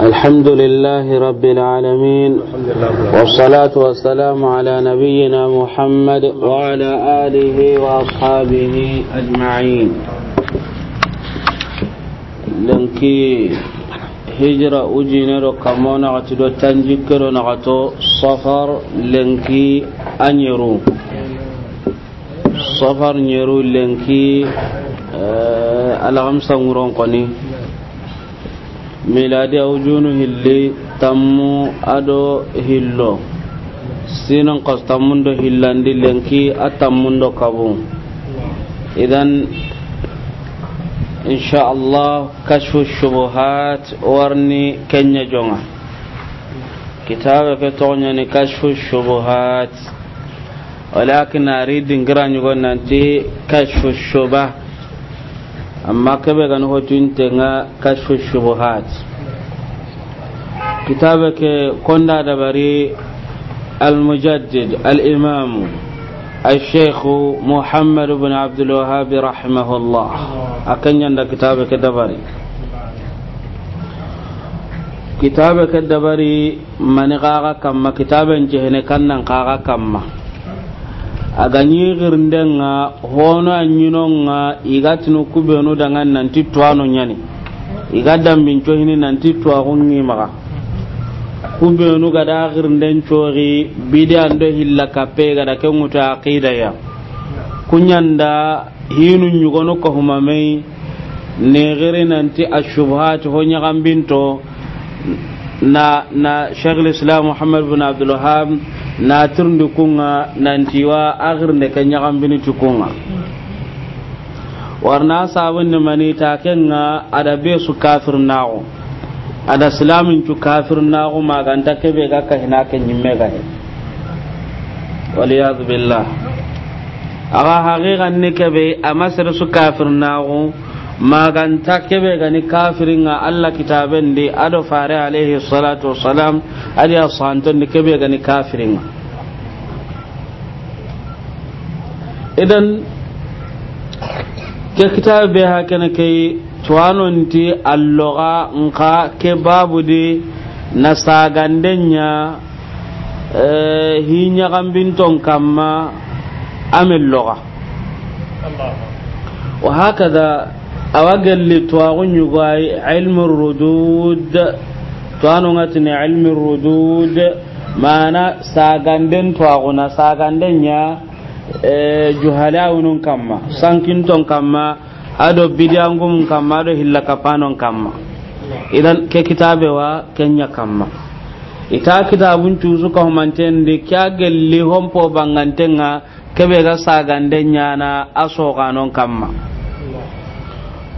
الحمد لله رب العالمين والصلاة والسلام على نبينا محمد وعلى آله وأصحابه أجمعين لنكي hijira ujine do kamo naxati do tanjikke do naxato safar lenki a ɲeru safar ɲeru miladi awjunu hilli tammu ado hillo sinon kas tammundo hillandi lenki a tammundo kabu idan insha allah kashfu shubuhat warni kenya jonga kitabe ke toñani kashfu shubuhat walakin ari dingira ñugo nanti kashfu shubah amma kebe gani hotunte nga kashfu shubuhat kitabe ke konda dabari المجدد الإمام الشيخ محمد بن عبد الوهاب رحمه الله أكن يند كتابك دبري كتابك الدبري من غاغا كما كتابا جهن كنن غاغا كما agani girndenga hono anyinonga igatinu kubenu dangan nanti twano nyani igadam binco hini nanti twago ngimaga kubenu gada girnden cori bidi ando hilla kape gada kenguta aqida ya kunyanda hinu nyugono ko humamei ne gire nanti ashubhat ho nyagam binto na na Sheikh Islam Muhammad bin Abdul na turndi kunga nantiwa agirnde ke ñagambini ti kunga warna sabunni mani ta kenga ada be su kafir naxu ada silamin kafir naxu maganta kebe ga kahina ke ñimme gahe waliyadu billah aga haqiqan kebe ama su kafir naxu maganta kebe gani kafirin a Allah kitaben da ado fare alaihi salatu wassalam ali asantun da kebe gani kafirin idan ke kitabe haka kana kai tuwanon ti alloga nka ke babu di na sagandenya eh, hinyagambinton kama amin loga wa haka da awagalli tuwagun yugayi ilmin rudud tuwanungatini ilmin rudud mana saganden tuwaguna saganden ya juhalawunun kamma sankinton kamma ado bidiyangumun kamma ado hillakapanon kamma idan ke wa kenya kamma ita kitaabun cusu ka humanten de kya gelli hompo bangantenga kebe ga saganden yana asoganon kamma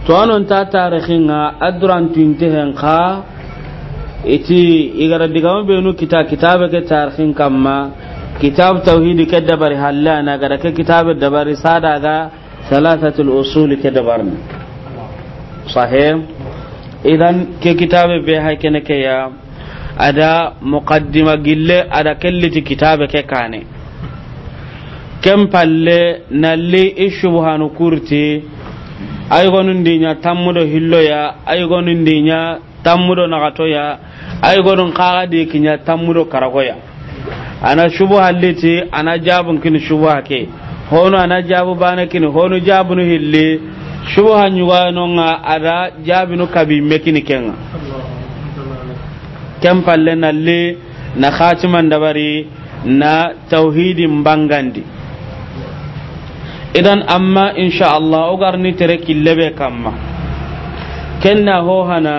tonon ta tarihin a aduran tuntihin ka iti igara diga mabe nu kita kitabe ke tarihin kama kitab tauhidi ke dabari hallana gada ke kitabe dabari sada ga salatatul usul ke dabarni sahih idan ke kitabe be haike ne ke ya ada muqaddima gille ada kelliti kitabe ke kane kem palle nalli ishubhanu kurti ay gonu dinya tammudo hillo ya ay gonun dinya tammudo nagato ya ay gonun kaga de kinya tammudo karagoya ana shubu halliti ana jabun kin shubu hake hono ana jabu bana kin hono jabunu hilli shubu hanyu wano nga ada jabinu kabi mekini kenga kem palle na na khatiman dabari na tauhidin bangandi idan amma insha Allah ogar ni tere killebe kamma kenna ho hana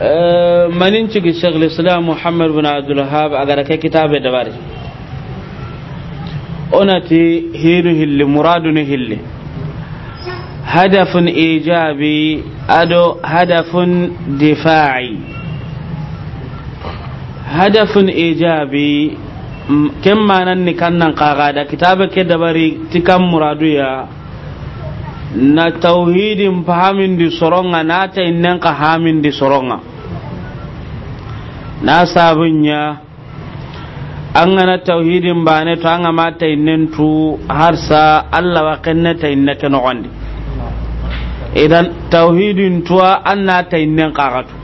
eh, manin ciki Sheikh Islam Muhammad bin Abdul Wahhab agar kai kitabe da bari onati hinu hilli muradun hilli hadafun ijabi ado hadafun difa'i hadafun ijabi Mm, ken manan ni kannan kaga da kitabe ke dabari tikan muradu ya na tauhidin fahamin di soronga na ta innan ka hamin di soronga na sabunya ya an gana tauhidin ba ne to an ma ta innan tu har sa Allah wa kanna ta inna ta idan tauhidin tuwa an na ta innan kagatu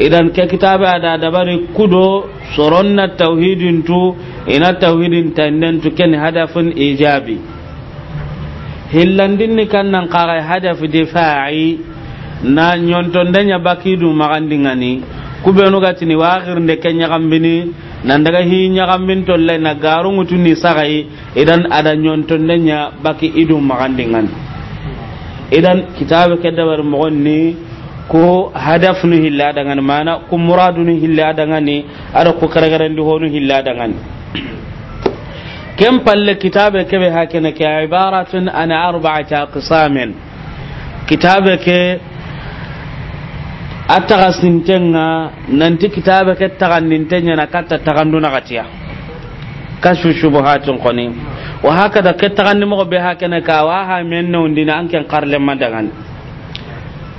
idan ke kitabe ada dabari kudo soronna tauhidin tu ina tauhidin tannen tu ken hadafin ijabi hillandin ni kan nan kara hadafi difa'i na nyonton danya bakidu magandingani kubenu ni wakhir de kenya kambini nan daga hi to le na garu ni sagai idan ada ñontonde ña baki idum magandingan idan kitabe ke dabar ni ko hadaf nu hilla dangan mana ko muradu nu hilla dangan ni ada ko karagara ndi honu hilla dangan كم بل كتابك هكذا عبارة عن qisamin kitabe ke attaga sintenga nanti kitabe ke tagan nintenya na katta tagandu na gatiya kashu shubuhatun qani wa hakada ke tagan mo be hakana ka wa ha men no ndina anken qarle madangan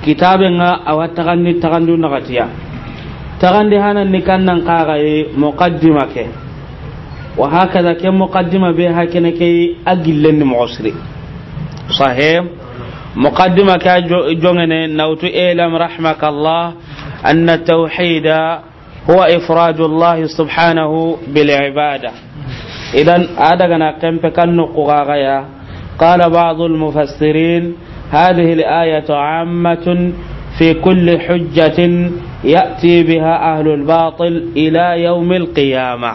kitabin awa tagandi tagandu nagatiya tagandi hanan ni kannan kagaye muqaddima ke wa hakaza ke muqaddima be hakene ke agillen ni mu'siri sahih muqaddima ka jongene nautu ilam rahmakallah anna tawhida huwa ifradu allah subhanahu bil ibada idan adagana kempe kanno kugagaya qala ba'd al mufassirin هذه الآية عامة في كل حجة يأتي بها أهل الباطل إلى يوم القيامة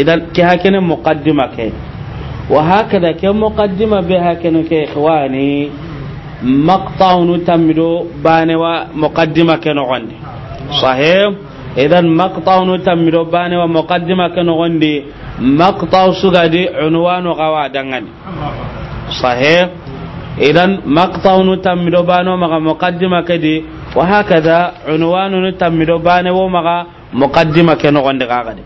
إذا كهكذا مقدمة كي وهكذا كمقدمة بها كي إخواني مقطع نتمدو بانوا مقدمة كنغندي صحيح إذا مقطع نتمدو بانوا مقدمة كنغندي مقطع سجدي عنوان غوادنغني صحيح idan maqta'un tammido bano maga muqaddima kadi wa hakada unwanu tammido bano wo maga muqaddima ke no gonde kaga de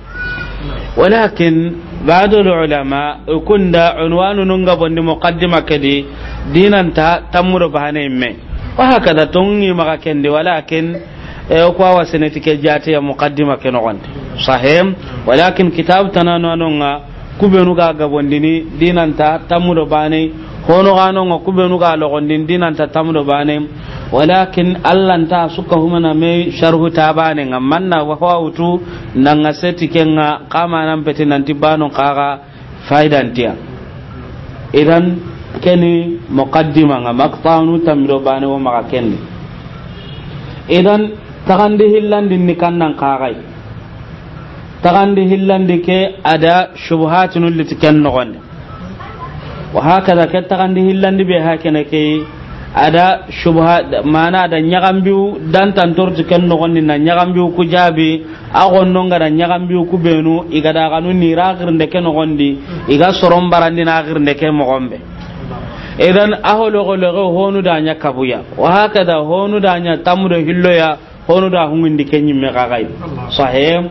walakin ba'd ulama kunda unwanu nunga bondi muqaddima kadi dinan ta tammuro bane me wa hakada tungi maga kende walakin e ko awa senetike jate ya muqaddima ke no gonde sahem walakin kitab tananu kubenu ga gabondini dinanta tamudo bane hono gano nga kubenu ga logondin dinanta tamudo bane walakin ta suka na me sharhu ta bane nga manna wa hawutu nan ga seti kenga kama nan peti nan tibano kaga faidan idan keni muqaddima nga maqtanu tamudo bane wa maka idan tagandi hillandin ni kannan kagai tagandi hillandi ke ada shubuhatinu liti ken nogondi wa hakada ke tagandi hillandi be hakene ke ada shubha mana ada nyagambiu dan tantorti ken nogondi na nyagambiu ku jaabi a gonnonga da nyagambiu ku benu igada kanu nira agirnde ke nogondi iga soron barandi na agirnde ke mogombe idan ahologologe honu danya kabuya wa hakada honu danya tamudo hilloya honu da hungundi ke nyimme kakai sahim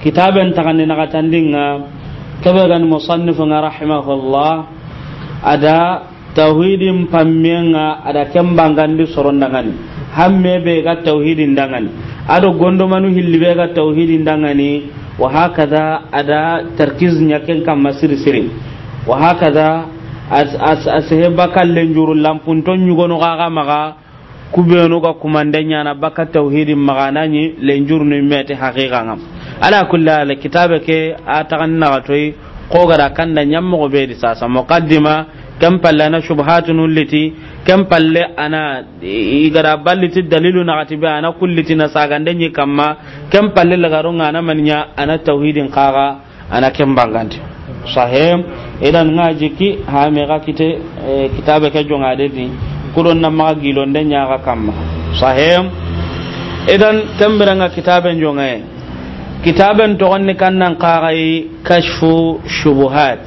kitaben tagani nagatandinga kebegan musannifu nga rahimahullah ada tauhidin pammenga ada kembangandi sorondangani hamme be ga tauhidin dangani ado gondomanu hilli be ga tauhidin dangani wa hakaza ada tarkiz nyaken kam masiri sirin wa hakaza as as bakallen juru lampun ton nyugo ga maga kubenu ga kumande nyana baka tauhidin maganani lenjuru ni mete haqiqa ngam ala kulli ala kitabe ke a tagan na watoi ko gara kan da nyammo be di sasa muqaddima kam palla na shubhatun ulliti kam palle ana igara balliti dalilu na gatibe ana kulliti na sagande nyi kamma kam palle lagarun ana manya ana tauhidin qaga ana kam banganti sahem idan nga jiki ha me ga kite e, kitabe ke jonga de ni kudon na ma gilon de nya ga kamma sahem idan tambiranga nga jonga kitaben togon ni kannan qarai kashfu shubuhat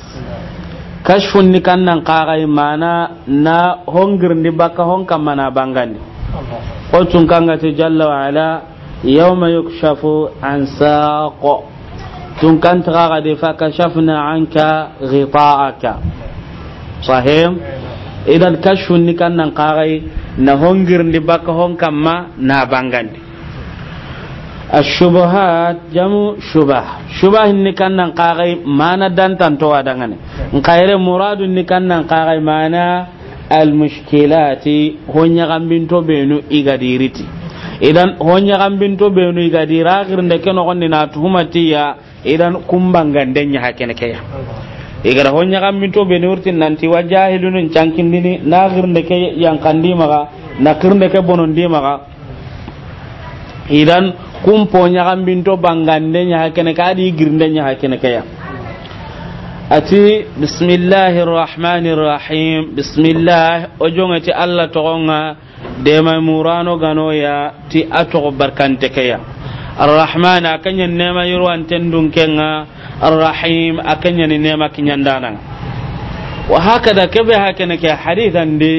kashfu ni kannan qarai mana na hongir ni baka honkan mana bangani otun kanga ti jalla wa ala yawma yukshafu an saqo tun kan taga de fa kashafna anka ghita'aka sahim idan kashfu ni kannan qarai na hongir ni baka honkan ma na bangani الشبهات جمع شبه شبه نكان نقاغي مانا دانتان توا دانغاني نقاير مراد نكان نقاغي مانا المشكلات هونيا غامبينتو بينو إيغاديريتي idan honya gambin to benu iga dira girin da keno gonni na tuhumatiya idan kumban ganden ya hakene kaya igara honya gambin to benu urtin nanti wa jahilun cankin dini na girin da ke yankandi maga na girin da ke bonon di idan kumpo ñaxambinto bangande ñaxa kene ka adi girnde ñaxa kene kaya ati bismillahi rrahmani rrahim bismillah o jongeti allah togonga demai murano ya ti a togo barkante keya arrahman akanya kenya nema yurwan dun kenga arrahim a kenya ni nema kinyandana wa hakada kebe hakene ke hadithan di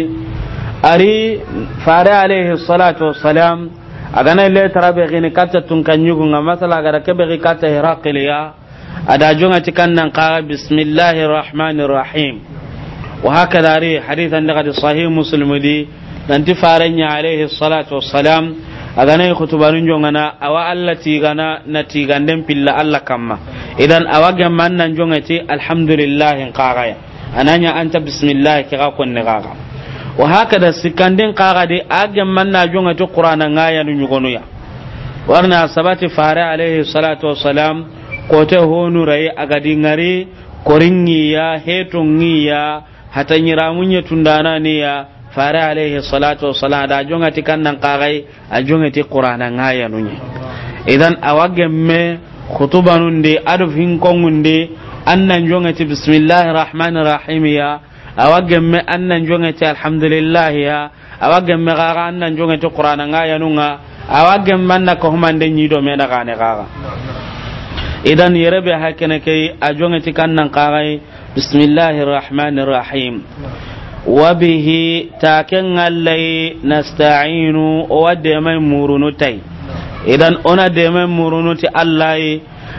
ari fare alaihi salatu wassalam agana le tarabe gine katta tun kan yugo ngama masala gara ke be katta hiraqil ya ada jonga cikan nan ka bismillahir rahmanir rahim wa hakada ri hadithan daga sahih muslim di ti faranya alaihi salatu wassalam agana khutubanun jonga na awa allati gana nati gandem pilla alla kamma idan awa gamman nan jonga ti alhamdulillah qaraya ananya anta bismillah kira kunne qara wa hakada sikandin kagadi agen manna jonga to qur'ana ngaya nu nyugonu ya warna sabati fare alaihi salatu wassalam kote honu rai agadi ngari koringi ya hetungi ya hata nyiramunye tundana ne ya fare alaihi salatu wassalam da jonga tikannan kagai a jonga ti qur'ana ngaya nu idan me khutubanun de adu hinkongun de annan jonga ti bismillahir rahmanir rahim ya awa gemme annan jonge ti alhamdulillah ya awa gemme gaga annan jonge ti qur'ana nga yanunga awa gemme anna ko humande nyi do me daga ne gaga idan yere be hakene kai a jonge ti kannan kagai bismillahir rahmanir rahim wa bihi taken allai nasta'inu wa de mai murunu tai idan ona de mai murunu ti allai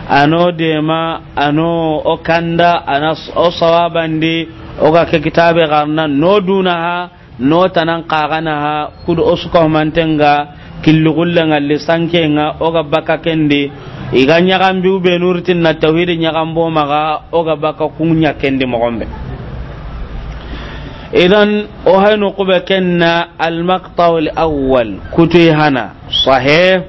ano dema ano okanda ana o sawabandi oga ke kitabe garna no ha no tanan ha kudu osuka mantenga killugulla li sankenga oga baka kende iga gambi biu be nurtin na tawhid nya gambo maga oga baka kunya kende mogombe idan o hayno kube kenna al maqta' al awwal kutu hana sahih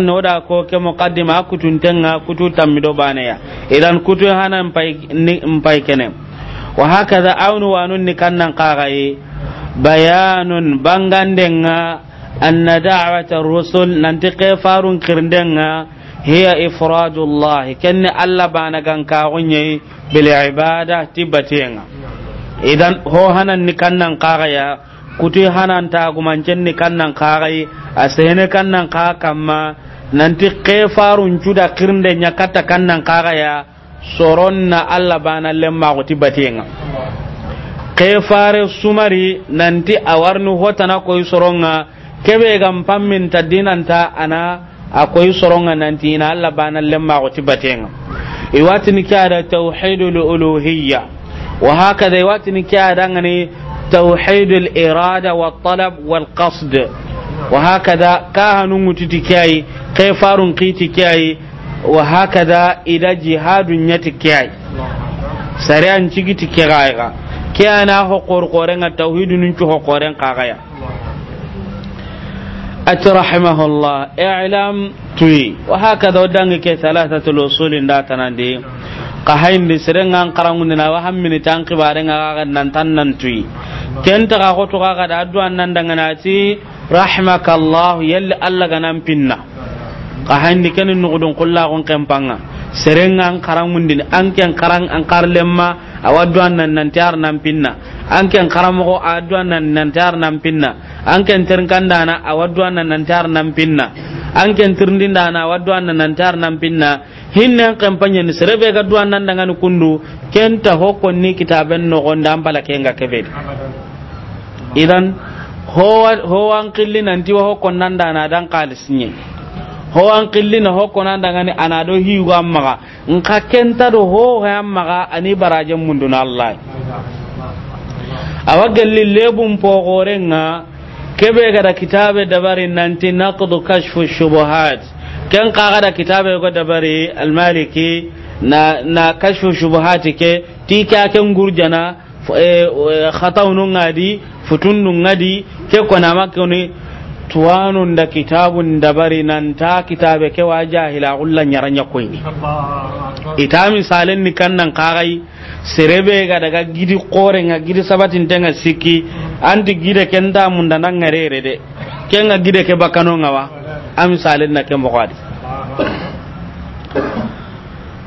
no da ko ke muqaddima kutu tenga kutu tammido ya? idan kutu hana mpai mpai kenem wa hakaza aunu wanun ni kannan qagaye bayanun bangandenga anna da'wata rusul nanti qifarun kirndenga hiya ifradu allah kenne allah bana gan ka gonye bil tibatenga idan ho hanan ni kannan qagaya kuti ta gumancen ni kannan kagai a sene kannan ka kamma nanti kefarun juda kirnde nyakata kannan kagaya Soron na allah bana lemmaxuti batenga ke fare sumari nanti awarni hotana koyi soronga kebe gan pamminta dinanta ana akoy soronga nanti na allah bana lemmaxuti batenga iwatini ke ada tauhidul uluhiyya wa hakada iwatini ke adangani tawhidu lirada waltalab walqasd wa hakada kahanunŋutiti ke ayi ke farun kiiti ke wa hakada ida jihadun yati kiyai sariyan cigi ti kiyaiga kiyana ho qorqoren tauhidun ci ho qoren kagaya ati rahimahullah e i'lam tuyi wa hakada dangi ke ta usul da tanande ka na wahan mini ta an kibarin a ga nan tan nan tuyi kenta ga ko to ga da addu'an nan dangana ci rahimakallahu yalli Allah ga nan finna ka handi ken nugudun kulla kun kempanga an karang mundin anken karang an karlemma awaduan nan nan tiar nan pinna an anken karamo aduan nan nan tiar nan pinna an anken terkandana awaduan nan nan tiar nan pinna anken tirndindana awaduan nan nan tiar nan pinna hinne kempanya ni serebe ga duan nan daga ni kundu kenta hokko ni kitaben no gonda ambala kenga kebe idan ho an qilli nan wa hokko nan dana dan qalisni ho an qillina ho kona dangani ana do hiwa amma nka kenta do ho amma ani baraje munduna allah awa gelli lebum gorenga kebe da kitabe dabari nanti naqdu kashfu shubuhat ken ga da kitabe go dabari maliki na na kashfu shubuhat ke ti ka ken gurjana eh, eh, khataunu ngadi futunnu ngadi ke kona makoni tuwanun da kitabun da bari nan ta kitabe kewa jahila kullan yaran ya koyi ita misalin ni kan nan kagai sirebe ga daga gidi koren ga gidi sabatin tenga siki anti gide ken da mun da nan ngarere de ken ga gide ke bakano wa am misalin na ken bokadi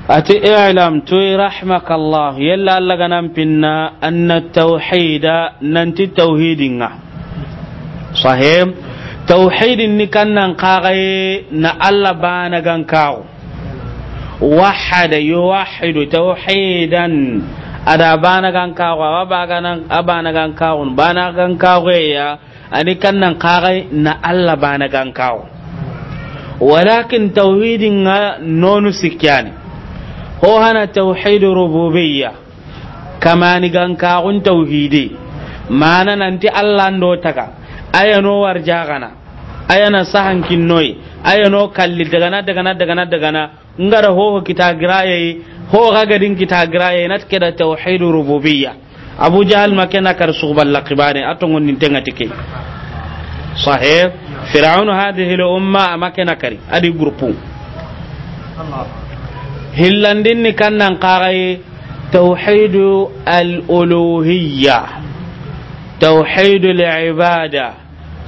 ati i'lam e tu rahmakallah yalla Allah ga nan pinna anna tauhida nan ti nga sahim tauhidin ni kannan kagaye na Allah bana gan kawo wahada wahidu tauhidan ada bana gan kawo wa baganan abana gan kawo bana gan kawo ya ani kannan kagaye na Allah bana gan kawo walakin tauhidin nonu sikyani ho hana tauhid rububiyya ni gan kawo tauhidi nan nanti Allah ndo taka jagana aya na sahan kinnoi no kalli daga na daga na ngara ho kita giraye ho gadin kita giraye nat keda tauhid rububiyya abu jahal makena kar sugbal laqibane atongon tenga tike sahih fir'aun hadhihi al umma makena kari adi grupu hillandin ni kannan qaray tauhid al uluhiyya tauhid al ibada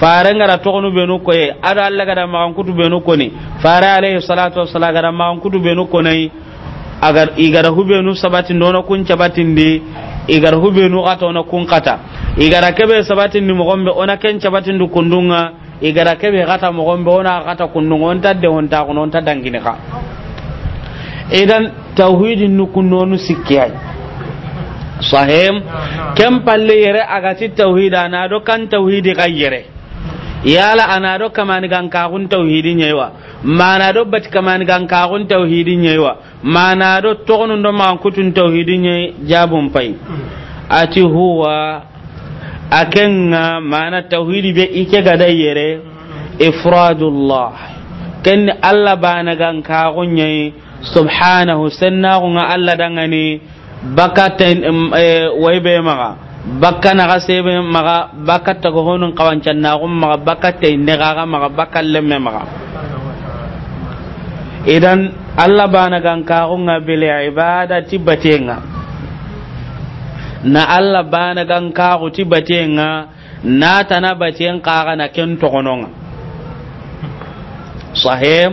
fare ngara togonu benu koye ado allah gada magan kutu benu ni fare alayhi salatu wassalamu gada magan kutu benu nay agar igara hubenu sabati nono kun cabatindi igara hubenu kata ona kun kata igara kebe sabatindi mogombe ona ken cabatindi kundunga igara kebe kata mogombe ona gata kundunga on tadde on ta kono on tadangini ka idan tauhidin nono sikkiyai sahem kem palle yere agati tauhida na do kan tauhidi kayyere yala ana do kamani gan ka hun tauhidi nyai wa mana do bat kamani gan ka hun tauhidi nyai wa mana do to non do ma kutun tauhidi nyai jabum pai ati huwa akenga mana tauhidi be ike gada yere ifradullah ken alla bana gan ka hun nyai subhanahu sanna gun alla dangani bakatan eh, waybe maga bakka naga sebe maga bakka tago honun kawancan nagun maga bakka tai negaga maga bakka lemme maga idan allah bana gankaxunga bel ibadati batenga na allah bana gankaxu ti batenga natana baten kaxana ken toxononga sahe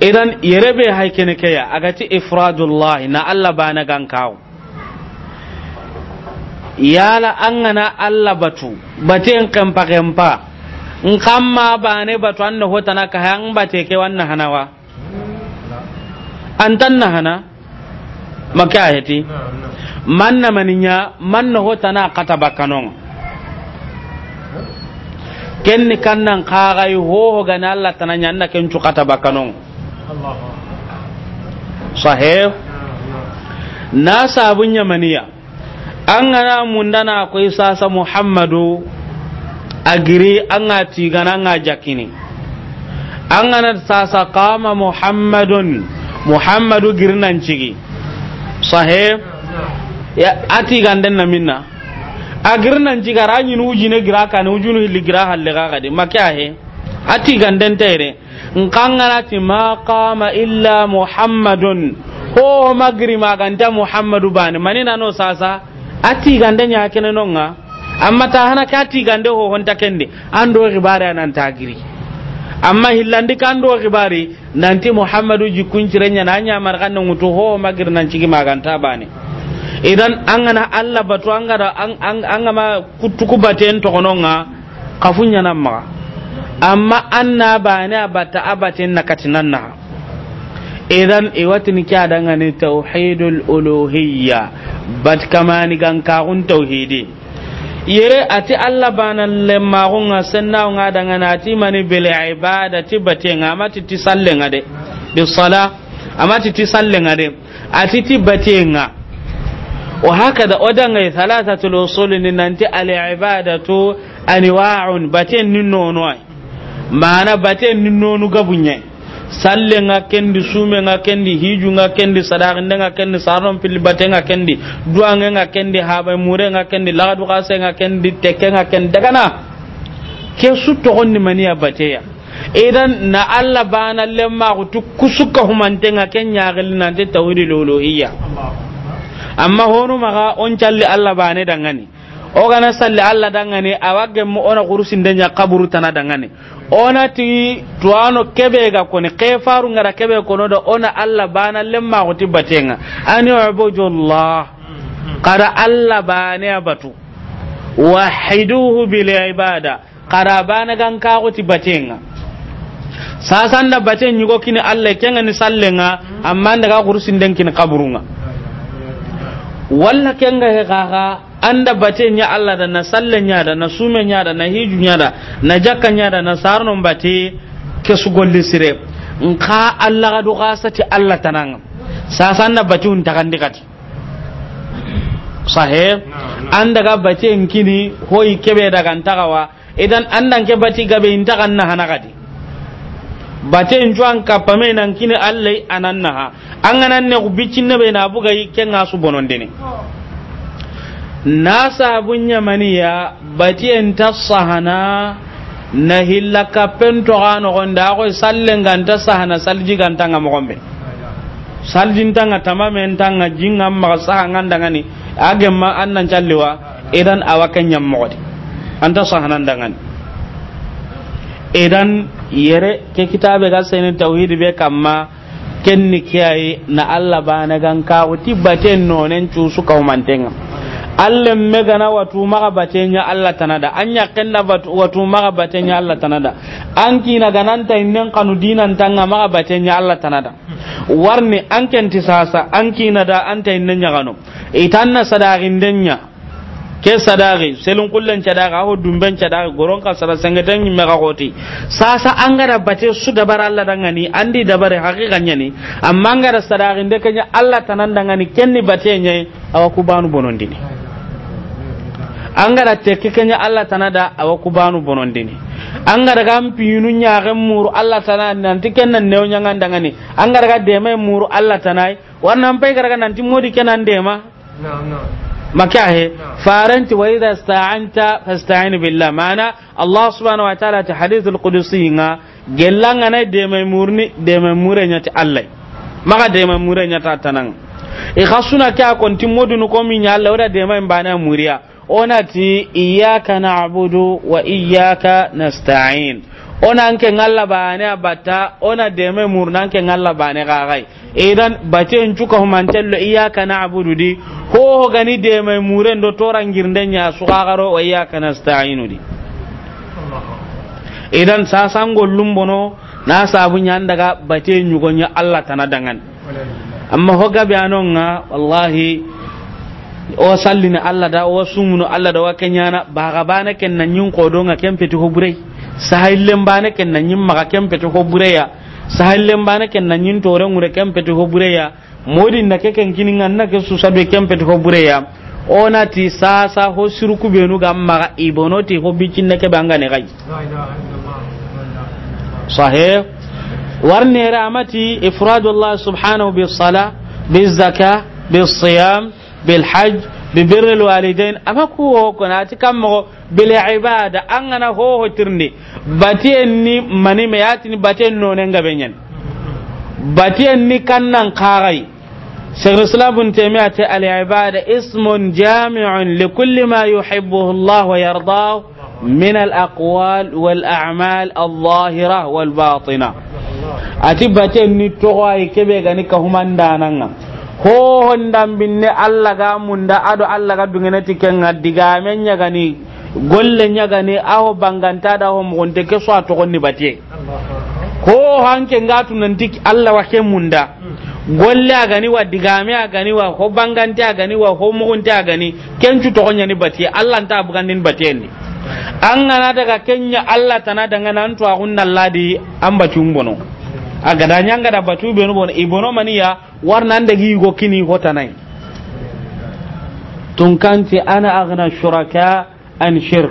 idan yerebe hay kene keya agati ifradullahi na allah bana gankaxu yala an gana Allah batu bate kampa kampa in bane batu an hota na ka an bate ke wannan hanawa an tan na hana maka heti? man na maninya man na hota na kata bakanon ken ni kannan kagai ho ho gana Allah tananya anna ken cu kata bakanon sahih na sabun maniya an gana mundana akwai sasa muhammadu a giri an ga tigana an ga jakini an gana sasa kama muhammadun muhammadu girnan ciki sahe ya tigan ganden na minna a girnan ciki ra yi nuji ne gira ka ne uji ne hili gira halle ka kadi makiya he tigan ganden ta yare in kan gana ti ma kama illa muhammadun ko magiri maganta muhammadu bani mani na no sasa ati gande nya kene nonga amma ta hana ka ati gande ho honta kende ando ribare nan tagiri amma hillandi kan do ribare nanti muhammadu ji cirenya na nya mar kan ngutu ho magir nan cigi maganta bane idan an gana Allah batu an an gama kutuku baten tokononga kafunya nan ma amma anna bane abata abaten nakatinanna idan iwatin kya dangane tauhidul uluhiyya bat kamani gan kagun tauhidi yere ati allah bana lemma gunga sanna nga dangane ati mani bil ibadati bate ngamati ti salle ngade bi sala amati ti salle ngade ati ti nga wa hakada odangai thalathatul usul ni nanti al ibadatu anwa'un bate ninno noy mana bate ninno nu gabunye salle nga kendi sume nga kendi hiju nga kendi sadaqinde nga kendi saron fili bate nga kendi dua nga kendi haba mure nga kendi lagadu kase nga kendi teke nga kendi dagana ke su to gonni bate ya idan na alla bana lemma ku kusuka humante nga kenya gelina de tawhidul uluhiyya amma honu maga on challi alla bana dangani o salli alla dangane a wagge gemme ona kurusin denya kaburu tana dangane ona ti tuano kebe ga koni faru ngara kebe kono do ona alla bana lemma ko tibatenga ani ubudullah qara alla bana batu wahiduhu bil ibada qara bana gan ka ko tibatenga sasan da baten yugo kini alla kenga ni sallenga amma daga kurusin den kini kaburunga walla kenga he gaga anda bate nya Allah da na sallen nya da na sume nya da na hiju nya da na jakka nya da na sarnon bate ke su golle sire in ka Allah ga du gasati Allah tanan san da bate un kan dikati sahe an ga bate in kini hoyi kebe daga ntagawa idan an dan ke bate gabe in kan na di, bate in juan ka pame nan kini Allah anan na an ganan ne ku bicin ne be na buga yi ken asu bonondene oh. na sabun yamaniya batiyen ta sahana na hilla akwai ganta sahana salji ganta ga saljin tanga tamamen tanga annan idan awakan yammogodi idan ke kitabe ga sai tauhidi be kamma kenni kiyaye na Allah ba na gan kawo tibbaten nonen cusu kaumantenga allah megana watu maga batenya allah tanada anya kenna watu maga batenya allah tanada an na gananta innen kanu dinan tanga maga batenya allah tanada warni an tisasa sasa an da anta innen nyagano itanna sadaqin denya ke sadaqi selun kullan cadaga ho dumben cadaga goron ka sara sangatan me ga goti sasa an gara bace su bar allah dangani andi dabare haqiqanya ni amma an gara sadaqin de kenya allah dan ngani kenni batenya awaku banu bonondini angara teke kenya allah da awa kubanu bonondini angara ga mpinu nyaage muru allah tana nanti kenna new nyanga ndangani angara ga dema e muru allah tanai e. warna mpai gara nanti modi kenan dema no he makahe faranti wa idha sta'anta fasta'in billah mana allah subhanahu wa ta'ala ta hadithul qudusi nga gelanga na dema e murni dema mure nyati allah maka dema mure nyata tanang e khasuna ka konti modunu komi nyalla wada dema mbana muria ona ti iyyaka na'budu wa iyyaka nasta'in ona nke ngalla bane abata ona deme murna nke ngalla bane gagai idan bace ncuka humantello iyyaka na'budu di ho ho gani deme muren do torangirnde nya su gagaro wa iyyaka nasta'inu di idan sasangollum lumbono na sabu nyan daga bace nyugonya Allah tanadangan dangan amma hoga bi anonga wallahi o salli ni Allah da o sumu ni Allah da wa na ba ga bana ken nan yin kodo ga ken peti hobure sahailen bana ken nan yin maka ken peti hobure ya sahailen bana ken nan yin tore ngure ken peti hobure ya modin na keken kinin an na ke su sabe ken peti hobure ya ona ti sa sa ho suru sirku benu ga maka ibono ti ho hobikin na ke banga ne gai sahih warne ramati ifradullah subhanahu bis sala bis zakah bis siyam bil hajj bi birril walidain ama kuwo kona ti kammogo bil ibada an gana hoho tirni batiyen ni mani me yatini batiyen nonen gabe nyen batiyen ni kannan kagai شيخ الاسلام ابن تيميه العباده اسم جامع لكل ما يحبه الله ويرضاه من الاقوال والاعمال الظاهره والباطنه اتبتني توي كبه غني كهمان دانان ho hondan binne allah ga munda ado allah ga dungene tikenga digamen nyagani golle nyagani aho banganta da ho mugonte ke so ni batie ko hanke ngatu nanti allah wake munda golle gani wa digame gani wa ho a gani wa ho mugunte agani kencu togonya ni batie allah nta bugandin batie ni an nana daga kenya allah tana dangana an a kunnan ladi an bacin bono agada da batu no bona ibono maniya warnan gi go kini nay tun kanti ana aghna shuraka an shirk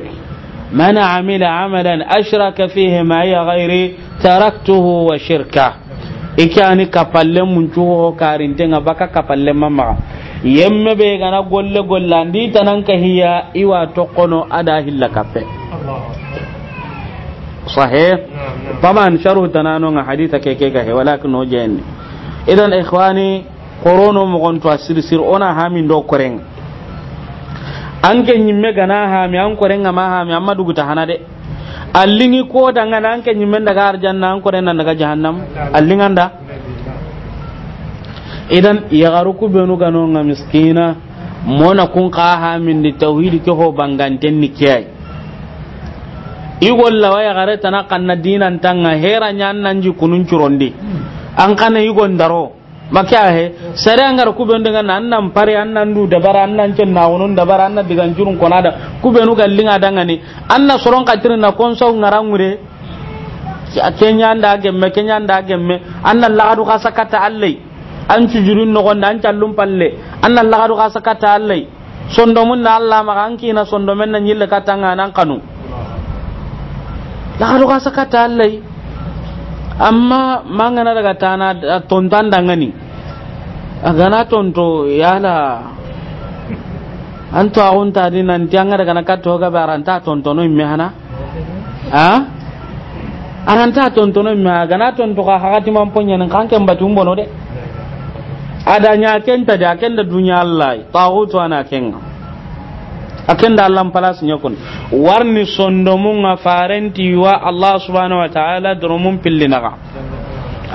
man amila amalan ashraka fihi ma ya ghairi taraktuhu wa shirka ikani kapalle mun cuho karin tenga baka kapalle mama yemme be gana golle gollandi tanan kahiya iwa tokono ada hilla kappe صحيح طبعا شرح تنانو حديث كي ولكن وجهني إذن إخواني قرونو مغنتو أسير سير أنا هامين دو كورين anke nyimme gana hami an korenga ma hami amma dugu ta hana de allingi ko danga anke nyimme daga arjanna an korenga daga jahannam allinganda idan yagaru ku benu gano nga miskina mona kun ka hamin di tauhidi ke ho banganten ni kiyai la waya gare tana kanna dinan tanga hera nyan nan ji kunun curondi an kana igon daro maka he sare an gar kube ndinga nan nan pare an nan du dabara an nan cen wonon dabara an nan digan jurun konada kube nu gallinga danga ni an na soron katirin na konso ngarangure kenya anda gemme kenya anda gemme an nan lagadu ka sakata allai an no nogonda an callum palle an nan lagadu ka sakata allai sondomun na allah ma an kina sondomen na nyille katanga nan kanu daga ka sakata allai amma mangana daga tana tontan tonto yala an to awun ta nan daga na katto ga baranta tontono imme hana ha aranta tontono imme tonto hakati man ponya nan mbono de adanya kenta da kenda dunya allah ana kenga da allah palas nyakon warni a farenti wa allah subhanahu wa ta'ala dromun ga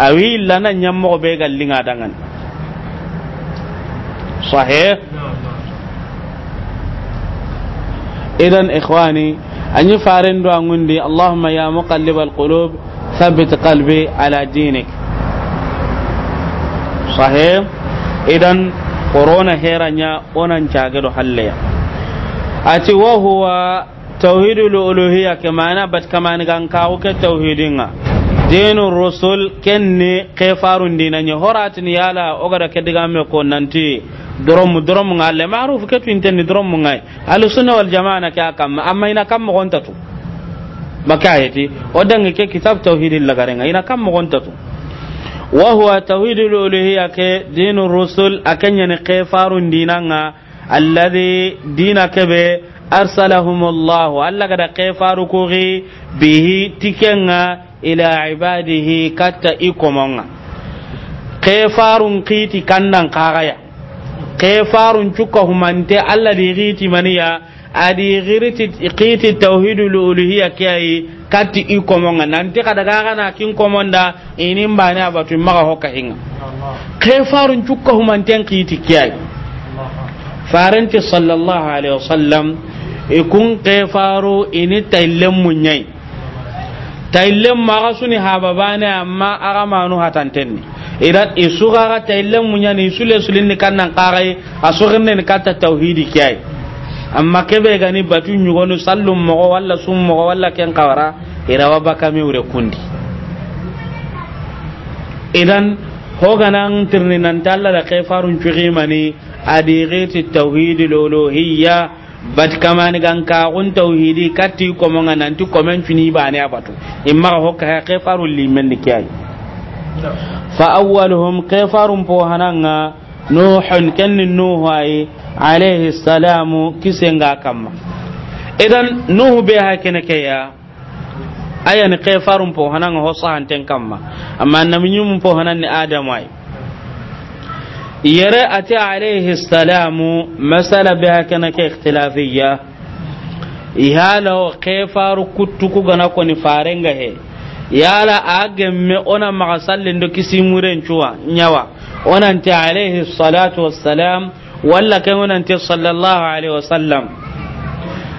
awi lana nyammo be gallinga dangan sahih idan ikhwani anyi farendo angundi allahumma ya muqallibal qulub thabbit qalbi ala dinik sahih idan corona heranya onan cage do halleya ati wo huwa tawhidu luluhiya ke mana bat kamani gan kawu ke tawhidin ga dinu rusul kenni ke faru dina nya horati ni yala o gada ke diga me ko nanti dorom dorom nga le maruf ke tu intendi dorom nga alu sunna wal jamaa na ke akam amma ina kam mo tu makayati o dangi ke kitab tawhidin lagarenga ina kam mo tu wa huwa tawhidu luluhiya ke dinu rusul akenya ni ke faru dina nga alladhi dina kebe arsalahum allah alla kada kefaru kugi bihi tikenga ila ibadihi katta ikomonga kefarun kiti kannan kagaya kefarun cukka humante alla di kiti maniya adi kiti tauhidul uluhiyya kiyayi katti i komonga nanti kada gagana kin komonda inin bane abatu maga hokka hinga kefarun cukka humanten kiti kiyayi farenti sallallahu alaihi wasallam ikun ke faro ini taillen munyai taillen maga suni hababane amma aga manu hatantenni idan isu gaga taillen munyani sulin ni kannan qarai asuginne ni katta tauhidi kiyai amma ke kebe gani batu nyugonu sallum mogo walla sum mogo walla ken qawara irawa mi ure kundi idan hoganan tirni nan talla da kai farun cuqimani adigiti tauhidi lolohiya bat kamani gan ka gun tauhidi katti ko mon nan tu ko men fini ne abatu imma ho ka kafaru limen kiyai fa awwaluhum kafarun po hananga nuhun kenni nuhu ay alayhi salamu kisenga kamma idan nuhu be ha kenekeya ayan kafarun po hananga ho sahanten kamma amma namin minyum po hanan ni adamu ay yare a ce alaihi salamu masala bi haka na ke ikhtilafiyya ihalo ke faru kuttu ku gana ko ni faren ga he yala agemme ona ma sallin do kisi muren cuwa nyawa ona nti alaihi salatu wassalam walla kan ona nti sallallahu alaihi wasallam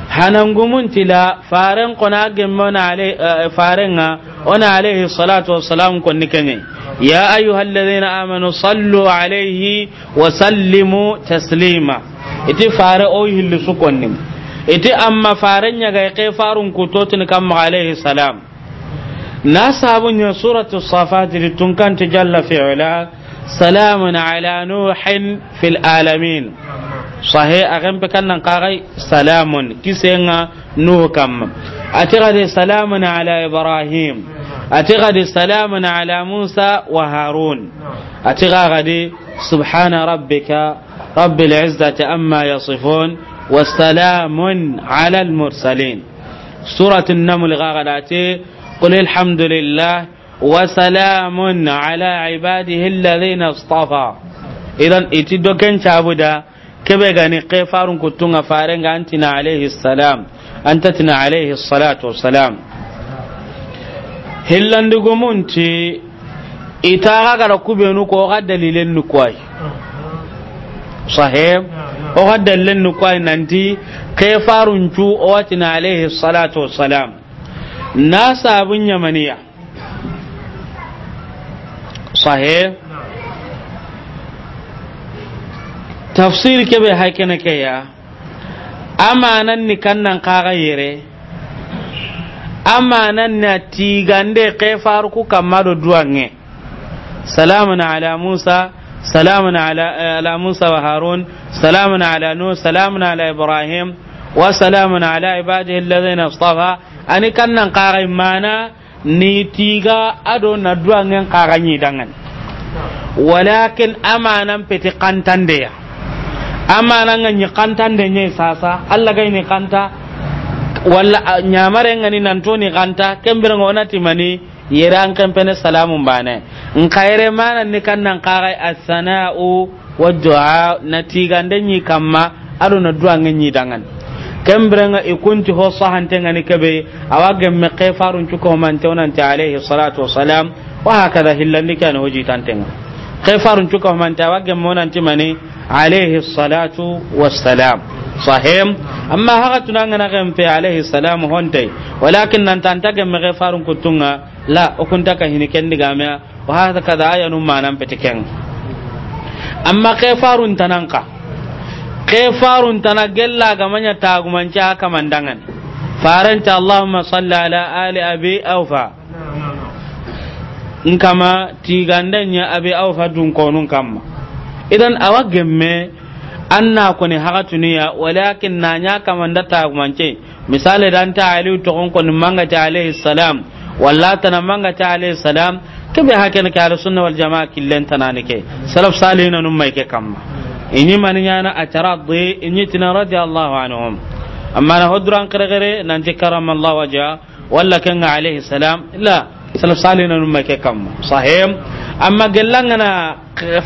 hanan gumunti la faren kona agemme ona alaihi faren ona alaihi salatu wassalam ko ni kenye يا أيها الذين آمنوا صلوا عليه وسلموا تسليما إتي فار أويه اللي سكونهم إتي أما فارن يغيقي فارن كتوتن كم عليه السلام ناسابن سورة الصافات لتنكن تجلى في علا سلام على نوح في العالمين صحيح أغنب بكنا نقاري سلام كسينا نوح كم أتغذي سلام على إبراهيم ati gadi salamun ala musa wa harun ati gadi subhana rabbika rabbil izzati amma yasifun wa salamun ala mursalin suratu an-naml gadi qul alhamdulillah wa salamun ala ibadihi alladhina istafa idan iti doken cabuda kebe gani kefarun kutunga farenga antina alaihi salatu hillandi gomunti itaga gara kubenu ko ga dalilen ni kwai sahib o ga dalilen ni kwai nanti kai farun cu o watina alaihi salatu wassalam na sabun yamaniya sahib tafsir ke bai haike na kai ya amanan ni kannan kaga yere amana na tigande ke faru ku kamma do duwange salamun ala musa salamun ala, eh, ala musa wa harun salamun ala nuh salamun ala ibrahim wa salamun ala ibadihi na stafa ani kannan qara mana ni tiga ado na duwange qara ni dangan walakin amanan peti kantande ya amanan nyi kantande ne sasa Allah gaini kanta wala nyamare ngani nantoni ganta kembere ngona timani yera kampene salamu bane in kayre mana ni kannan qara as-sana'u wa du'a natiga ndenyi kamma ado na du'a ngani dangan kembere nga ikunti ho sahante ngani kebe awage me kefarun cuko man tawnan ta alayhi salatu wassalam wa hakada hillandi kan hoji tantenga kefarun cuko man ta awage monan timani عليه الصلاة والسلام صحيح أما هذا هغتنا نغم في عليه السلام هونتي ولكن أنت أنت كم غفار كنتنا لا أكنت كهني كن دعامة وهذا كذا يا ما نم بتكين أما غفار تنانك غفار تناجلا كمان يتاعمان جاك من دعان فارنت اللهم صل على آل أبي أوفا nkama tigandanya أبي أوفا دون كونون kamma idan awa gemme anna kuni haga tuniya walakin na nya kamanda ta manke misali dan ta ali to kon kon manga ta alaihi salam walla ta na manga ta alaihi salam to be haken ka ala sunna wal jamaa killen na ke salaf salihin nun mai ke kamma ini man nya na ataradi ini tina radiyallahu anhum amma na hodran kirgire nan ti karam allah waja walla kan alaihi salam illa salaf salihin nun mai ke kamma sahih amma gellangana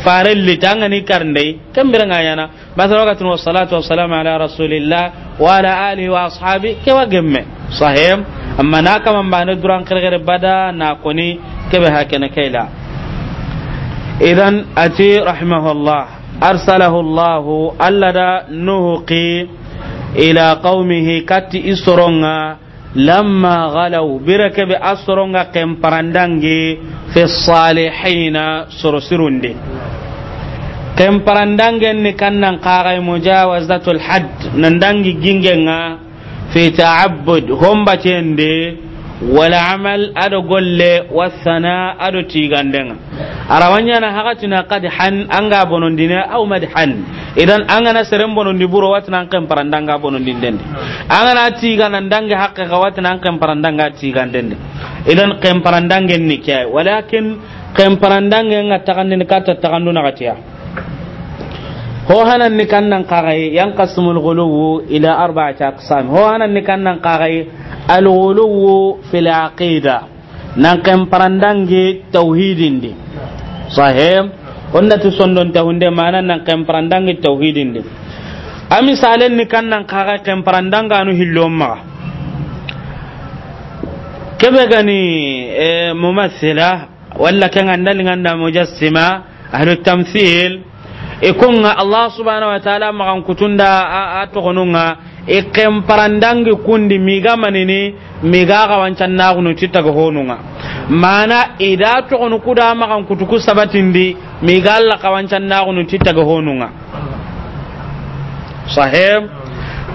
farelli tangani karndei kembira nga yana basa wakati wa salatu wa salam ala rasulillah wa ala alihi wa ashabi kewa gemme sahim amma na kama ne duran kirgire bada na koni kebe na kaila idan ati rahimahullah arsalahu allah allada nuhuqi ila qaumihi katti isoronga lamma galaw biraka be asronga kemparandange fi salihina sorosirunde kemparandangen ni kannan kagai mujawazatul lhad nan dangi gingenga fi ta'abbud hombacende wala amal ado golle wasana ado tigandenga arawanya na hakatina qad han anga bonondine aw madhan idan angana serem bonondi buro watina an kan parandanga bonondi dende angana tigana ndange hakka ga watina an kan parandanga tigandende idan kan parandangen ni kay walakin kan parandangen ngatakan ni kata takanduna katia ho hanan ni kannan kagai yan qasmul ila arba'ati aqsam ho hanan ni kannan al fil aqida nan kan parandangi tauhidin di sahim onda tu sondon tahunde mana nan kan parandangi tauhidin di ni kannan kan parandanga hillomma kebe gani mumathila ikunga allah subhanahu wa ta'ala magan kutunda a togonunga ikem parandangi kundi miga manini miga ga wancan na gunu titta ga mana ida togonu kuda magan kutuku sabatindi miga allah ga wancan na gunu titta ga sahib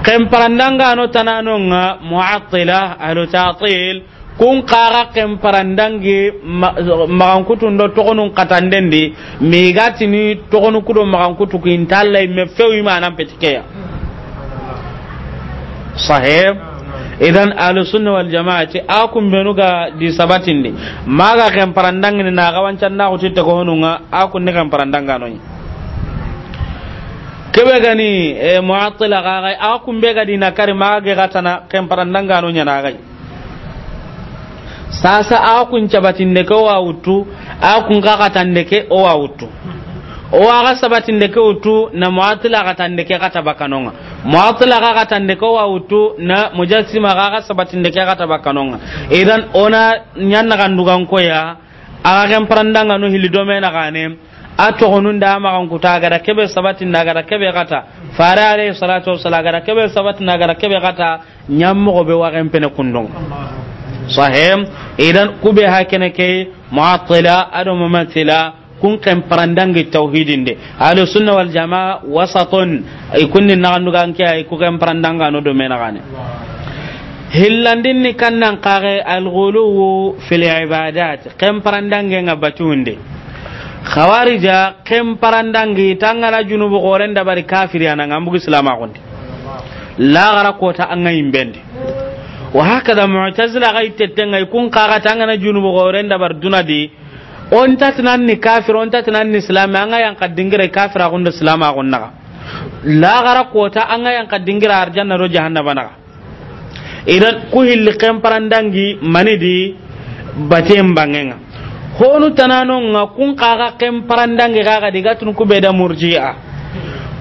kem parandanga no tananonga mu'attila ahlu ta'til kun kara ken parandangi magankutun do togonun katanden di migatini togonu kudo magankutu ku intallai me fewi manan petikeya sahib idan ahlus sunna wal jamaa akum benu ga di maga parandangi na ga wancan na ku titta parandanga kebe gani e eh, akum di nakari maga parandanga na sasa a kun cabatinde ke wa wutu a kun ka katande ke o wa wutu o wa ga sabatinde ke wutu na mu'atila katande ke kata bakanonga mu'atila ga katande ke wa wutu na mujassima ga ga sabatinde ke kata bakanonga idan ona nyanna kan dugan ko ya aga kan parandanga no hili domena kanem a togonun da magan kuta gara kebe sabatin da gara kebe gata fara alayhi salatu wassalam gara kebe sabatin da gara kebe gata nyammo be wa kan pene kundonga sahim idan kube hakene ke mu'attila ado mumathila kun kan parandangi tauhidin de ahlu sunna wal jamaa wasatun ikunni nagandu kan kiya ku kan parandanga no do mena gane hillandin ni kannan qare al ghuluw fil ibadat kan parandangi ngabatunde khawarija kan parandangi tangala junubu goren da bari kafiri anan ambu islam akonde la gara kota an ngayin wa hakada mu'tazila ga itetenga kun kaga tangana junubu goren da barduna di on tanan ni kafir on tanan ni islam an ga yang kadingira kafira kun da islam a kun naga la gara ta an ga yang kadingira arjanna ro jahannama naga idan ku hilli kemparandangi manidi batem bangenga honu tanano nga kun kaga kemparandangi kaga diga tun ku beda murji'a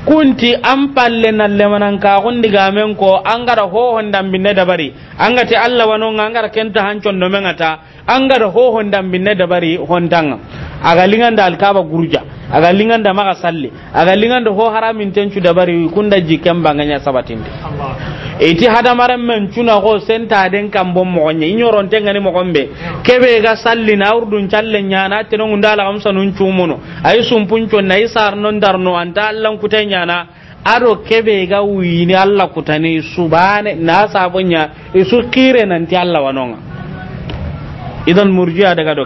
kunti an palle na lemanan ka kun diga men ko an gara ho honda binne bari an ga ta Allah wano an gara kenta hancon no men ata an gara ho honda binne bari hontanga aga lingan da alkaba gurja aga lingan da maka salle aga lingan da ho haramin tencu da bari kunda jikan banganya sabatin de iti hadamaren men cuna ko senta den kan bon mo gonye inyoron tenga ni mo gombe kebe ga salli na urdun challe nyana tenun ndala am sanun cumuno ay puncho na isar non darno anta allan nya na ado kebe ga wini allah kutani subane na sabonya isu kire ti allah wanonga idan murjiya daga do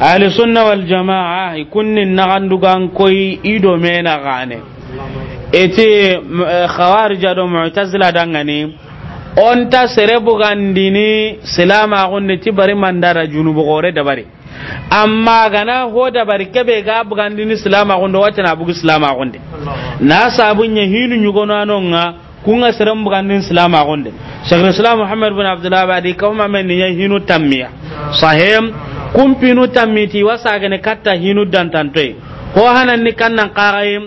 ahli sunna wal jamaa kunnin gan koy ido mena gane ete eh, khawarija do mu'tazila dangani on ta sere bugandini salama gonne ti bari mandara junub gore bari amma gana ho dabari kebe ga bugandini salama gonde wata na bugu salama gonde na sabun ya hinu nyugo nanonga kunga siran bugandin islam gonde shaykhul islam muhammad bin abdullah badi kawma men ni hinu tammiya sahem kun pinu tammiti wasa gane katta hinu dantantoy ko hanan ni kannan qaraye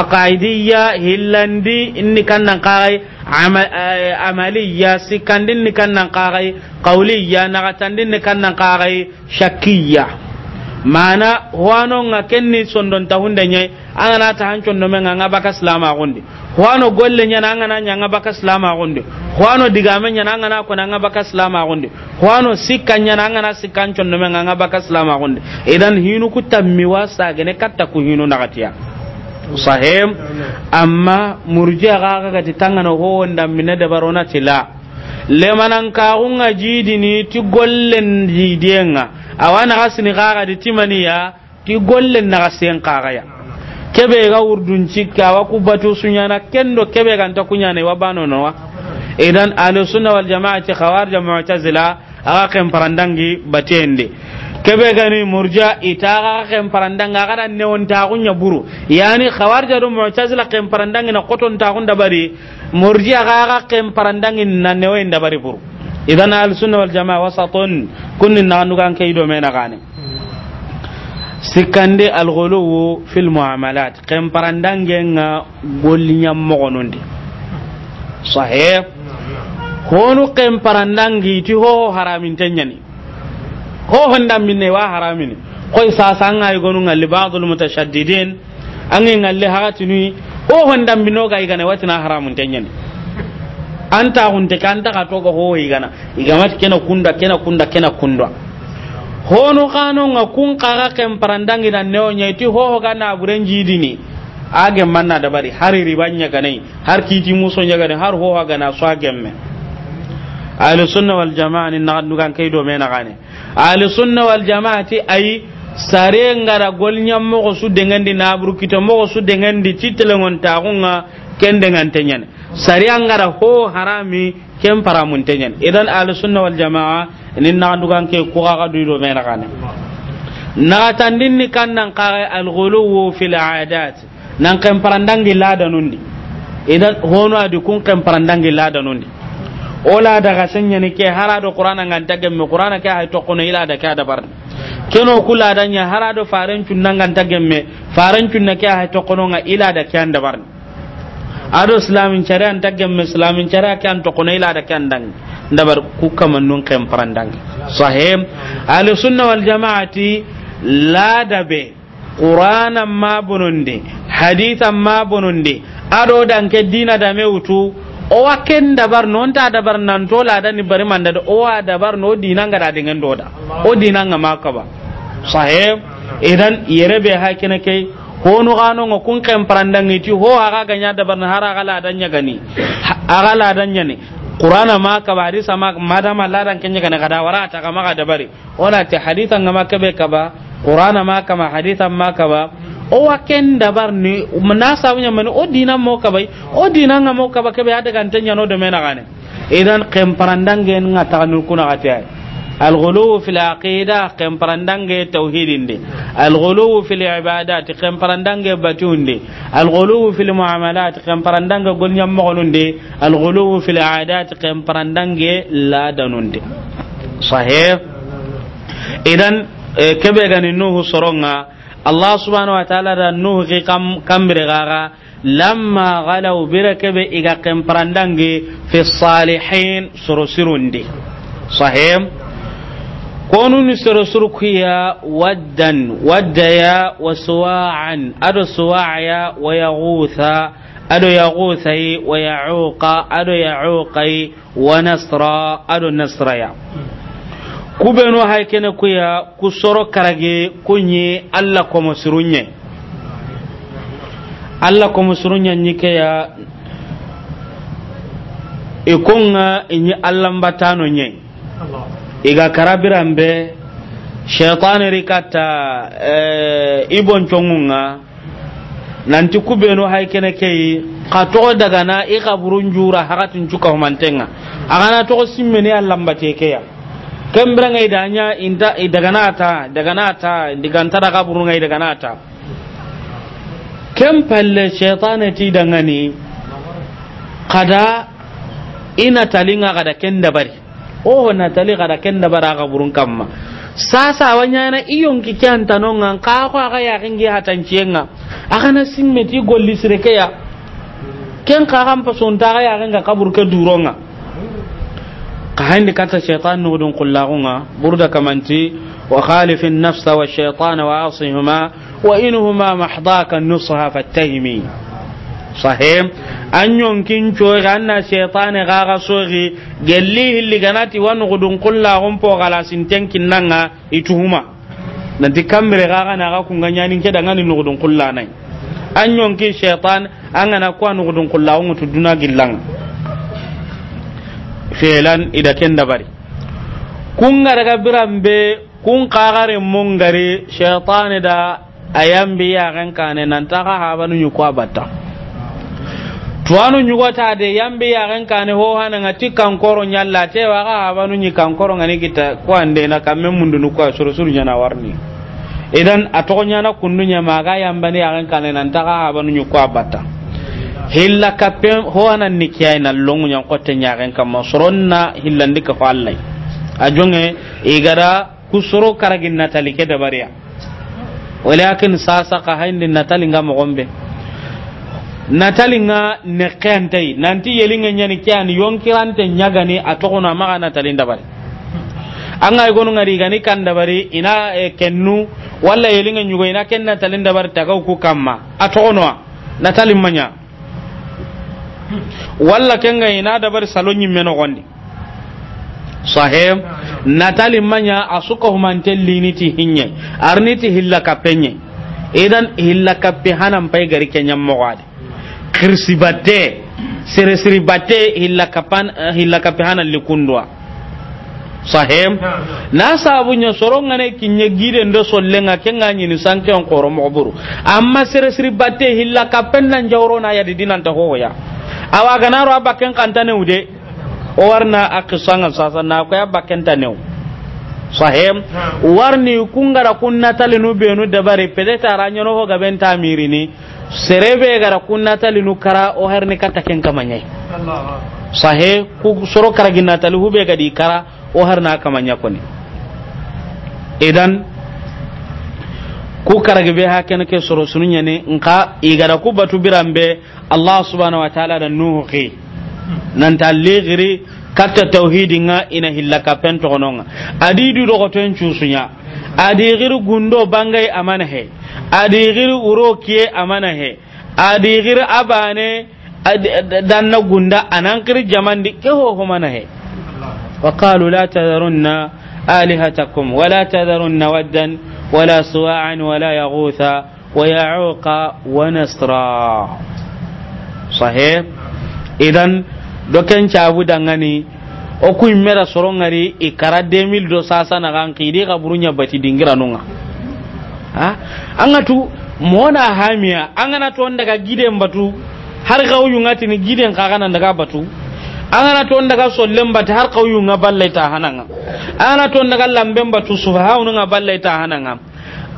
aqaidiyya hillandi inni kannan qaraye eh, amaliyya sikandin ni kannan qaraye qawliyya nagatandin ni kannan qaraye shakkiyya mana wano nga kenni sondon ta nyai ana ta hancon nomen men nga baka salama gonde hoano golle nyana ngana nyanga baka salama gonde hoano digame nyana ngana kona nanga baka salama gonde hoano sikka nyana ngana sikkan chondo nga nganga baka salama gonde idan hinu kutammi wasa gene katta ku hinu nagatiya sahim amma murji'a ga ga tangana ho wanda minna barona tila lemanan kaxunga jidini ti gollen jidienga awa naxa sini di timaniya ti gollen naxa sen kaxaya kebe ga urdun cikka wa kubatu sunyana kendo kebe ga ta kunyana wa bano no wa idan ahlus sunna wal jama'ati khawarij mu'tazila aga kem parandangi batende kebe gani murja ita aga kem parandanga kada ne won ta kunya buru yani khawar jamaa mu'tazila kem parandangi na koton ta kun dabari murja ga ga kan parandangi na ne on dabari buru idan ahlus sunna wal jama'a wasatun kunni na nugan kai do mena gane sikande alghuluwu fil muamalat kem parandange nga gollinya mogonondi sahih honu kem parandangi ti ho haramin tenyani ho honda minne wa isa koy ay gonu ngalli ba'dul mutashaddidin angi ngalli ni. ho honda minno ga igana watina haramun tenyani anta hunte kanta ka ko ho igana igamat kena kunda kena kunda kena kunda honu kano nga kun kaga kem parandangi na neo nya ti ho ga na buren jidini age manna da bari har ribanya ganai har kiti muso nya ganai har ho ga na swa gemme ahli sunna wal jamaa ni nagadu kan kai do mena gane ahli sunna wal jamaa ti ai sare ngara nyam mo ko su dengandi na buru kito mo ko su dengandi ngon ta kunga kendengan tenyen sare ngara ho harami kem paramun tenyen idan ahli sunna wal jamaa ni na kan ke ko ga du do mena kana na tandin ni kan nan ka al ghuluw fil aadat nan kan parandangi da nundi idan hono adi kun kan parandangi da nundi ola daga sanya ni ke harado qur'ana ngan tagge mi qur'ana ke ay to kono ila da ka da bar keno kula danya harado faran cunnan ngan tagge me faran cunna ke ay to kono nga ila da kyan da ado islamin care an tagem islamin care ake an tokona ila da kan dang Dabar ku kaman nun kan parandang sahim ahli sunna wal jamaati la be qura'nan ma bununde hadithan ma bununde ado dan ke dina da me wutu o waken dabar non ta dabar nan to la da ni bari man da o wa dabar no dina ga da dengan doda o dina ga maka ba sahib idan yare be hakina kai honu gano ngo kun kan parandang ti ho aga ganya da barna hara gala danya gani aga la danya ni. qur'ana ma ka bari sama madama la dan kenya kana kada wara ta kama kada dabari. ona ta hadithan ma ka be kaba qur'ana ma kama haditha ma kaba o wa ken dabar ni munasabunya mani o dina mo kabai o dina nga mo kaba kebe ada gantenya no de mena gane idan kemparandangen ngata nukuna katai الغلو في العقيدة قم برندنج توحيد دي الغلو في العبادات قم برندنج باتون دي الغلو في المعاملات قم برندنج قل يمغلون دي الغلو في العادات قم برندنج لا دنون دي صحيح إذن كبه غني نوح سرونغا الله سبحانه وتعالى دا نوح كم كم برغاغا لما غلو بركبه إيغا قم برندنج في الصالحين سرسرون دي صحيح konu ni sero surkuya waddan waddaya wa suwa'an ado suwa'ya wa yaghutha ado yaghuthai wa ya'uqa ado ya'uqai wa nasra ado nasraya kubenu haikene kuya kusoro karage kunye alla komo surunye alla komo surunye nyikeya ikunga inyi allambatano nye Allah iga karabiran be shaitan rikata eh, ibon chongunga nanti kubenu hay kene kei ka togo daga na i kaburun jura hakatin cuka humantenga agana togo simmene a lambate keya kembirenga idanya inta idaganata daganata digantara kaburunga idaganata kem palle shaitane ti dangani kada ina talinga kada ken dabari oho na tali gara kenda bara ga burun kamma sasa wanya na iyon ki kyan tanonga ka ko ga ya kingi hatan cienga aka na simmeti golli sireke ya ken ka kan pason ta ga ya kinga kabur ke duronga ka hande kata shaytan no dun kullagunga burda kamanti wa khalifin nafsa wa shaytan wa asihuma wa inhuma mahdaka nusha fatahimi sahih an yonkin coori anna shaytane gaga sori gelli hilli ganati wanu gudun kulla gon po gala sinten kinnanga ituhuma nanti na ga ke gudun kulla an yonki shaytan an ana ko gudun kulla on to duna gillang felan ida kenda bari kunga daga birambe kun kagare mongare shaytane da ayambiya kan kane nan ta ga habanu yuko batta tuwanu ta de yambe ya ren kane ho hananga ti koro nyalla te wa ga banu nyi kan koro ngani kita ko ande na kamme mundu nu ko suru suru nyana warni idan atogo nyana nya maga yamba ni yaren kane nan ta ga banu nyu ko abata hilla kappe ho hanan ni kiyai na longu nyan nya ren kam masronna hillandi ka a jonge igara kusoro karagin natali ke bariya walakin sasa ka haindi natali ngam gombe natalinga nekentai nanti yelinga nyani kyani yonkirante nyagani atokona maga natali dabari anga igonu ngari gani kan dabari ina e, kennu yeli nga nyugo ina kenna natali dabari tagaw ku kamma atokono natalin manya Wala kenga ina dabari salonyi meno gondi sahib natalin manya asuka humantelli niti hinye arniti hilla kapenye idan hilla hana hanan pai gari kenyan mogadi kirsibate sirisiribate hillakapehana eh, likundwa sahem na sabunya sorongane kinye gide ndo sollenga kenga nyini sanke on koro buru amma hilla kapen nan jawro na yadi dinanta hoya awa ganaro abaken ne ude o warna akisanga sasa na ko abaken ne sahem warni kungara kunna talinu benu dabare pede ranyo no ho gaben tamirini serebe gara kunnata linu kara o herni kata ken kamanya sahe ku soro kara ginna lu hube gadi kara o herna kamanya koni idan ku karage be ha ken ke soro sununya ne nka igara ku batu birambe allah subhanahu wa ta'ala da nuhu nan katta tauhidin nga ina hilla pento to gononga adi du do goten chusunya adi gir gundo bangai amana he adi gir uro kiye amana he adi gir abane danna gunda anan kir di ke ho ho mana he wa qalu la tadharunna alihatakum wa la tadharunna waddan la yaghutha wa ya'uqa wa nasra sahih idan. do ken cabu dangani o ku mera soro ngari e kara 2000 do sasa na kan kidi ka burunya bati dingira nonga ha anga tu mona hamia anga na to daga Gide mbatu har uyu ngati ni Gide ka kana daga batu anga na to daga sollen batu har gauyu nga ballaita hananga anga na to daga lambe mbatu subhanu nga ballaita hananga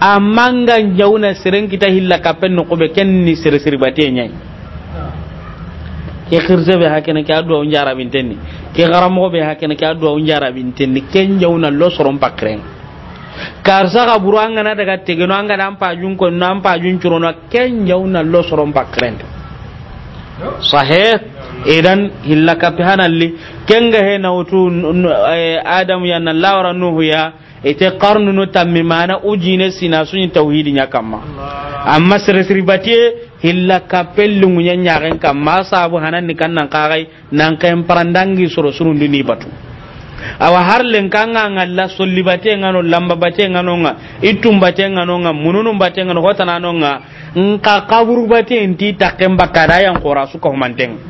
amanga nyauna siren kita hilla kapen no kobe ken ni sir sir batenya ke khirse be hakene ke ke garamo be hakene ke ken lo soron pakren ga daga tegeno ko nan ken lo soron pakren sahih idan hilla ka pihanalli ken ga he nawtu eh, adam ya na lawra nuhu ya ite qarnu no tammi mana sina sunyi tauhidin ya kamma amma sirri batie illa kapelli ngunya kan, kam Sabu hanan ni kannan kagai nan kayan parandangi soro surun duni batu awa har len kanga ngalla solli bate ngano lamba bate ngano nga itum bate ngano nga mununum bate ngano hota nano nga nka kaburu bate nti takem bakara yang kora suka humanteng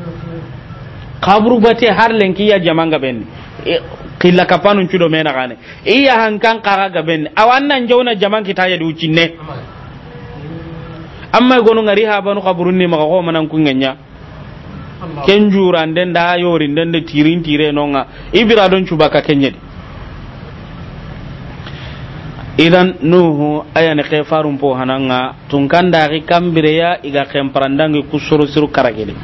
kaburu bate har len kiya jamanga ben e, killa kapanun cudo mena gane iya hankan kaga gaben awannan jawna jaman kitaya du cinne amma gonu ngari ha banu kaburun ni maka ko manan kungenya ken juran den da yori den de tirin tire nonga ibira don cuba ka kenye idan nuhu aya ne kefarun po hananga tun kan da ri kambire ya iga kemparandangi kusuru siru karagele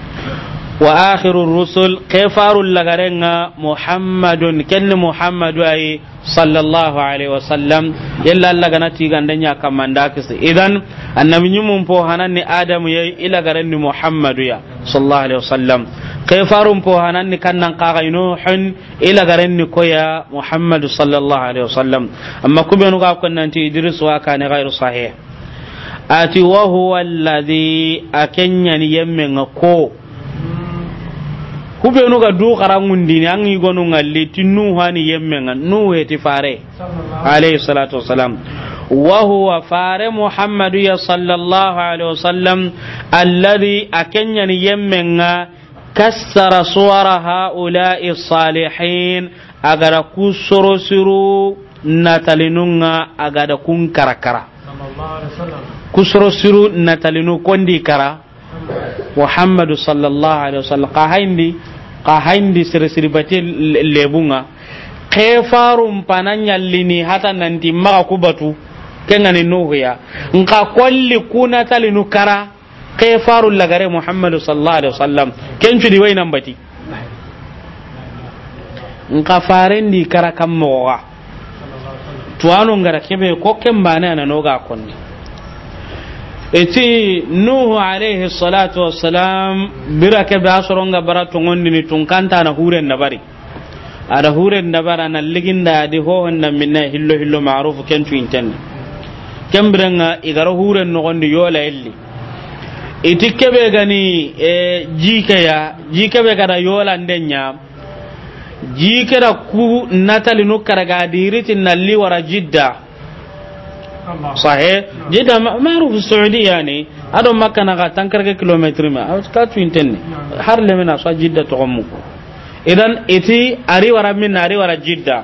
wa akhirur rusul kefarul lagarenga muhammadun kenni muhammadu ayi sallallahu alaihi wasallam yalla allah gana tigandanya kamanda kisi idan annabi nyumun po hananni adamu yayi ila garenni muhammadu ya sallallahu alaihi wa wasallam kefarun po hananni kannan qaga nuhun ila garenni koya muhammadu sallallahu alaihi wa sallam amma kubenu ga kannanti idris wa kana ghairu sahih ati wa huwa alladhi akenya ni yemmen ko kubenu ga du qarangundini an yi gonu ngalli tinu hani yemmenga nu heti fare alayhi salatu wassalam wa huwa fare muhammadu ya sallallahu alaihi wasallam alladhi akenyani yemmenga kassara suwara haula'i salihin agada ku soro siru natalinunga agada kun karakara ku soro siru natalinu kondi kara muhammadu sallallahu alaihi wasallam ka haindi ka haindi sirsiri bate lebunga kefarun pananya lini hata nanti maka kubatu kenga ni nuhuya nka kwalli kuna tali nukara kefarun lagare muhammadu sallallahu alaihi wasallam kencu di wainan bati nka farindi kara kan tuwanu ngara kebe ko kembane ananoga konni iti nuhu alayhi salatu wassalam bira ke be asoronga bara ni tun hure huren bari ada huren bara na liginda ho hohonda minna hillo hillo marufu kencu intenni kembirenga igara huren nogondi yola illi iti kebe gani e, jikeya jikebe gada yola ndenya jikera ku natali no karaga diriti nalli wara jidda صحيح جدا معروف السعودية يعني هذا ما كان غاتان كرك كيلومتر ما أو كاتو ينتني حر لمن أصلا جدة تغمك إذن إتي أري ورا من أري wara جدة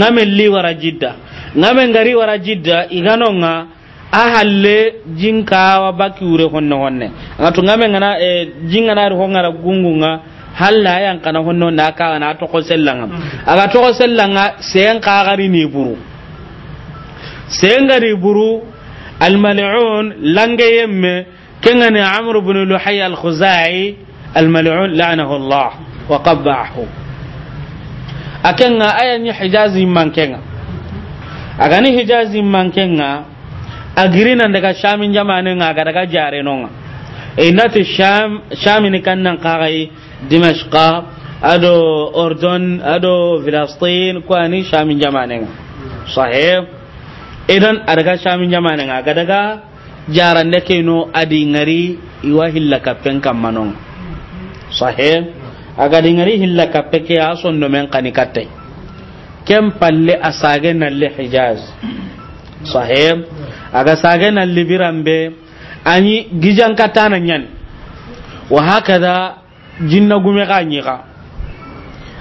نعمل لي ورا جدة نعمل غري ورا جدة إغانونا ahalle kaawa baki wure honne honne ngato ngame ngana e jingana hongara gungunga halla yan kana honno na ka na to aga to ko sellanga sen buru sengari buru almal'un lange yemme kengani amr ibn luhay al-khuzai almal'un la'anahu Allah wa qabba'ahu akenga ayani hijazi mankenga agani hijazi mankenga agirina daga shamin jamanin ga daga jare nonga inati sham shamin kannan qagai dimashqa ado ordon ado filastin kwani shamin jamanin sahih idan a daga shamin jama'a nga ga daga jaran da ke no a dingari iwa hilla kappen manon sahih a ga dingari hilla kappe ke ason no men kani katte kem palle sage na le hijaz a ga sage na le birambe an yi gijan kata katana nyan wa haka hakada jinna gume ka nyiga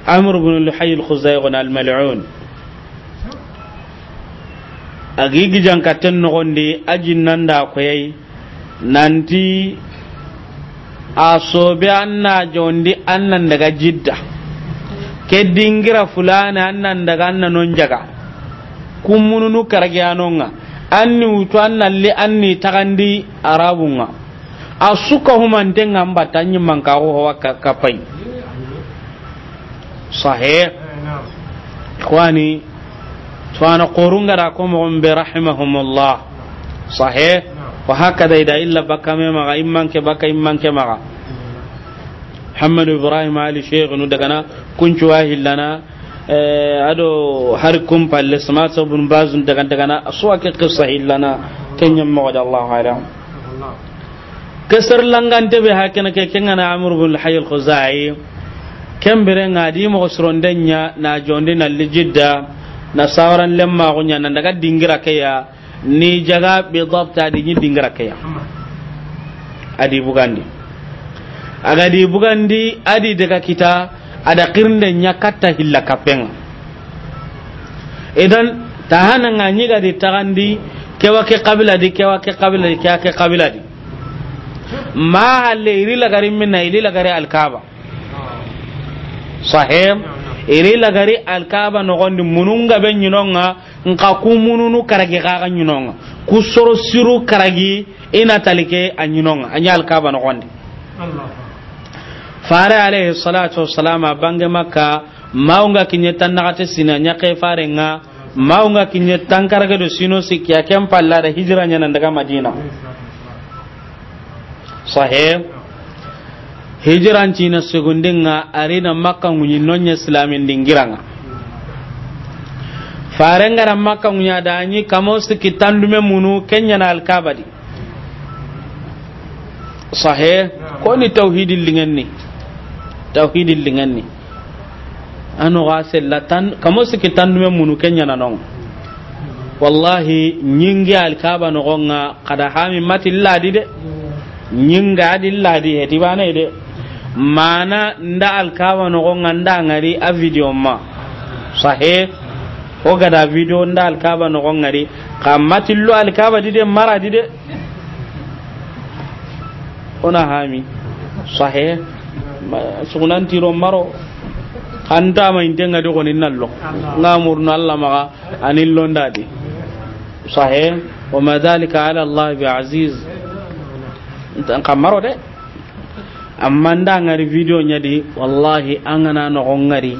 amr ibn al-hayy al-khuzayrun al-mal'un agi gijan katten nogondi ajin nan da koyai nanti a sobe an na jondi an nan daga jidda ke dingira fulani an nan daga an non jaga kun mununu karage anonga an ni wutu an anni an tagandi arabunga a suka humanten an bata anyi yi mankaru hawa kafai sahe eh, ikhwani فانا قرون غراكم برحمهم الله صحيح وهكذا إذا إلا بكا مما إمان كبكا إمان محمد علي شيخ كنت واهل لنا ado har kumpa le sama sabun bazun daga daga na ke da Allah kasar langan de be hakena ke kenga na bin na jonde na lijidda na sawaran lemma gunya nan daga dingira kaya ni jaga bi dabta di ni dingira kaya adi bugandi aga di bugandi adi daga kita ada qirnde nyakata hilla kapeng idan tahana nganyi ga di tagandi kewa ke kabila di kewa ke kabila di kewa ke kabila di ma halle iri lagari minna iri lagari alkaba sahih ere lagari alkaba nogondi mununga be nyinonga nka ku mununu karagi kaga nyinonga ku soro siru karagi ina talike a nyinonga anya alkaba nogondi fare alayhi salatu wassalam bange makka maunga kinye tan nagate sina nyake fare nga maunga kinye karage do sino sikya kempalla da hijra nyana daga madina sahih hijiran cina segundinga arina makka ngunyi nonya islamin dingiranga farenga na makka ngunya danyi kamosti kitandume munu kenya na alkabadi sahe ko ni tauhidin linganni tauhidin linganni anu gasella tan kamosti kitandume munu kenya na nong wallahi nyingi alkaba no gonga kada hami matilla di de nyinga di ladi heti bana de mana nda alkawa no gonga nda ngari a video ma sahe o gada video nda alkawa no ngari lu alkawa dide mara dide ona hami sahih sunan tiro maro anta ma inde ngadi ko nin nallo ngamur no alla maga lo ndadi sahih wa ma dhalika ala allah bi aziz kan maro de amma nda ngari video nyadi wallahi angana no ngari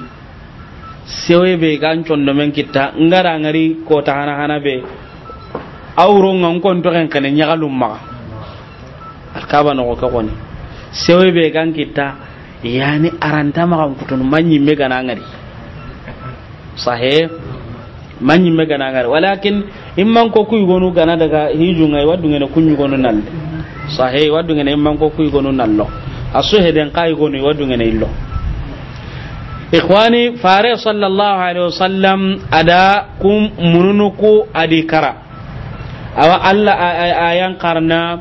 sewe be gan condo men kita ngara ngari ko ta hana hana be awro ngon kon to kan kana nyagalum ma alkaba no ko koni sewe be gan kita yani aranta ma kan kutun manyi me gana ngari sahe manyi me gana ngari walakin imman ko kuy gonu gana daga hijunga waddu ngene kunyu gonu nal sahe waddu ngene imman ko kuy gonu nallo asu heden kai gonu wadungene illo ikhwani fare sallallahu alaihi wasallam ada kum mununuku adikara awa alla ayan karna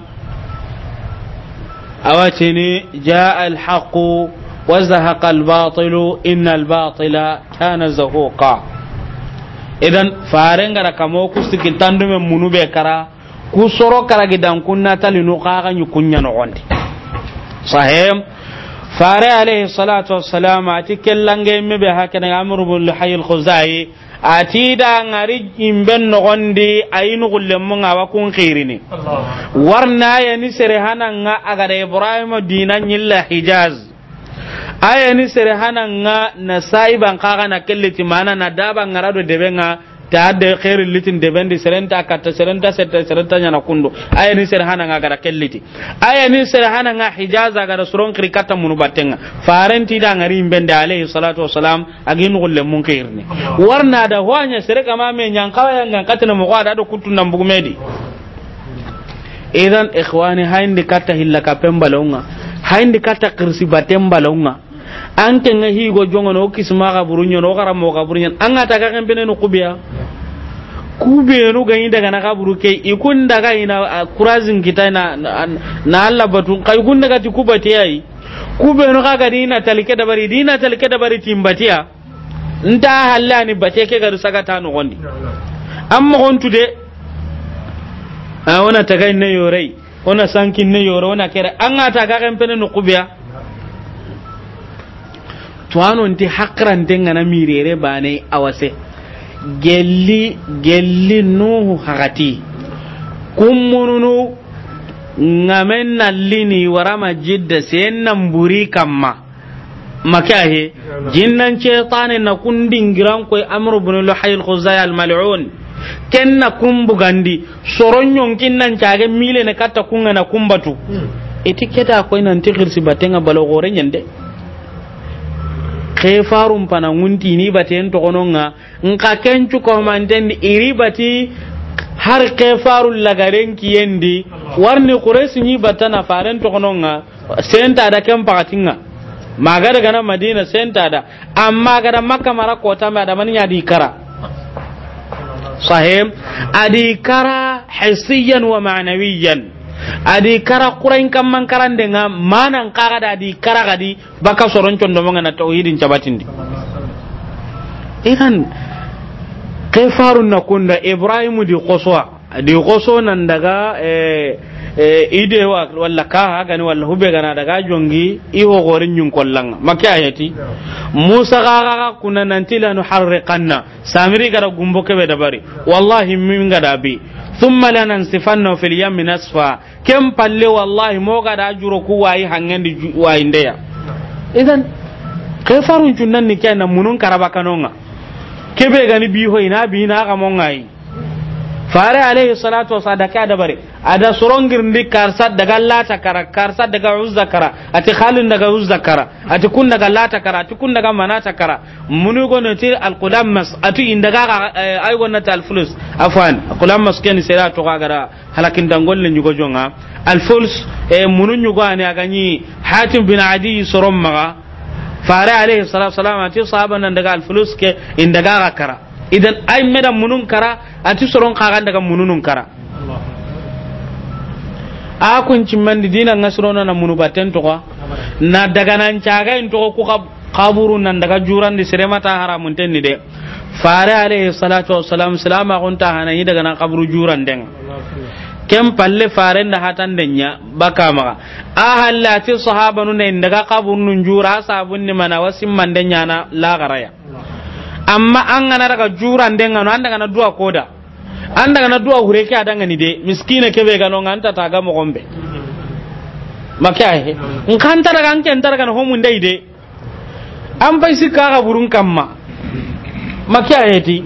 awa tini jaa alhaqu wa zahaqa albatilu inna albatila kana zahuqa idan fare ngara kamo kusikin tandume munube kara ku kara gidan talinu kaga nyukunya no gonde sahim fare a salatu wassalam ati kellange me be hakene amru bil hayy khuzai ati da ngari imben no gondi ayinu gulle mun awa kun khirini warna ya ni sere hananga aga da ibrahim dinan yilla hijaz aya ni sere hananga na saiban kaga na kelliti mana na daba ngarado debenga ta da khair litin de bendi serenta katta serenta setta serenta nyana kundo aya ni ser nga gara kelliti aya ni ser nga hijaza gara suron kri katta munu battenga farenti da ngari bende alayhi salatu wassalam agin gulle mun War warna da hwanya sere kama me kawa kawaya nga katina mu kwa da do bugu me di. idan ikhwani haindi katta hilla kapembalonga haindi katta kirsi batembalonga an ken ga higo jongono o kisma ga burunyo no gara mo ga burunyo an ta ga kan benen kubiya kubenu ga inda ga na ga buruke ikun ga ina kurazin kita na na Allah batu kai gun daga ti kubate yayi no ga ga dina talike da bari dina talike da bari timbatiya nta halla ni bace ke ga saga ta no gondi amma gontu de a wana ga ne yorai wana sankin ne yoro wana kera an ta ga kan no kubiya to anon ti hakran denga na mirere bane awase gelli gelli nuhu hakati kummununu ngamen nallini warama jidda nan buri kamma makahe jinnan shaytanin na kundin giran koy amru ibn luhay al-khuzay al-mal'un kenna bugandi soron yankin nan cage mile ne katta kunga na hmm. Ita keta akwai nan tikhirsi batenga balogore nyande ke farum pana ngunti ni baten to gononga nka kencu ko manden iri bati har ke faru lagaren kiyendi warni quraysi ni batana faren to gononga senta da kan pakatinga maga daga na madina senta da amma ga da makka mara kota ma da manya di kara sahim adi kara hissiyan wa ma'nawiyan adi kara kurain man karan nga manan kaga da adi kara gadi baka soron condo manga na tauhidin cabatin idan ikan farun na kunda ibrahimu di qoswa di qoso nan daga eh e, ide wa walla ka walla hube gana daga jongi iho gorin nyun kollang makya yati musa ga ga kuna nan tilanu harriqanna samiri gara gumbo kebe dabari wallahi min gada thumma lanansifannahu fil yammi nasfa kem palle wallahi moga da juro ku wayi hangendi wayi ndeya idan ke farun cunnan ni kenna munun karaba kanonga kebe gani biho ina bi na ga mongai fare alaihi salatu wa sadaka da bare ada sorongir ndi karsa daga lata kara karsa daga uzza kara ati khalin daga uzza kara ati kun daga lata kara ati kun daga manata kara munu gono ti alqulam mas ati indaga eh, ay gonna ta alfulus afwan alqulam mas ken sira to gara halakin dangol le nyugo jonga alfulus e munu nyugo ani aganyi hatim bin adi sorom maga fare alaihi salatu wa salam ati sahaban daga alfulus ke indaga kara idan ai meda munun kara ci soron kagan daga mununun kara a kun cimman di dinan nasirono na munu batten to na daga nan caga in to ku kaburu nan daga juran di sire mata haramun ten ni de fare alaihi salatu wassalam salama kunta ta hanayi daga nan kaburu juran den kem palle faren da hatan denya baka ma a halati sahabanu ne daga kaburun jura sabun ni mana wasin mandenya na lagaraya amma an gana daga juran den gano an daga na duwa koda an daga na duwa hure ke dangane ni de miskina ke be gano an ta ga mo gombe maka he in kan ta daga an ke ta daga na homun dai de an bai ka ga burun kamma maka he ti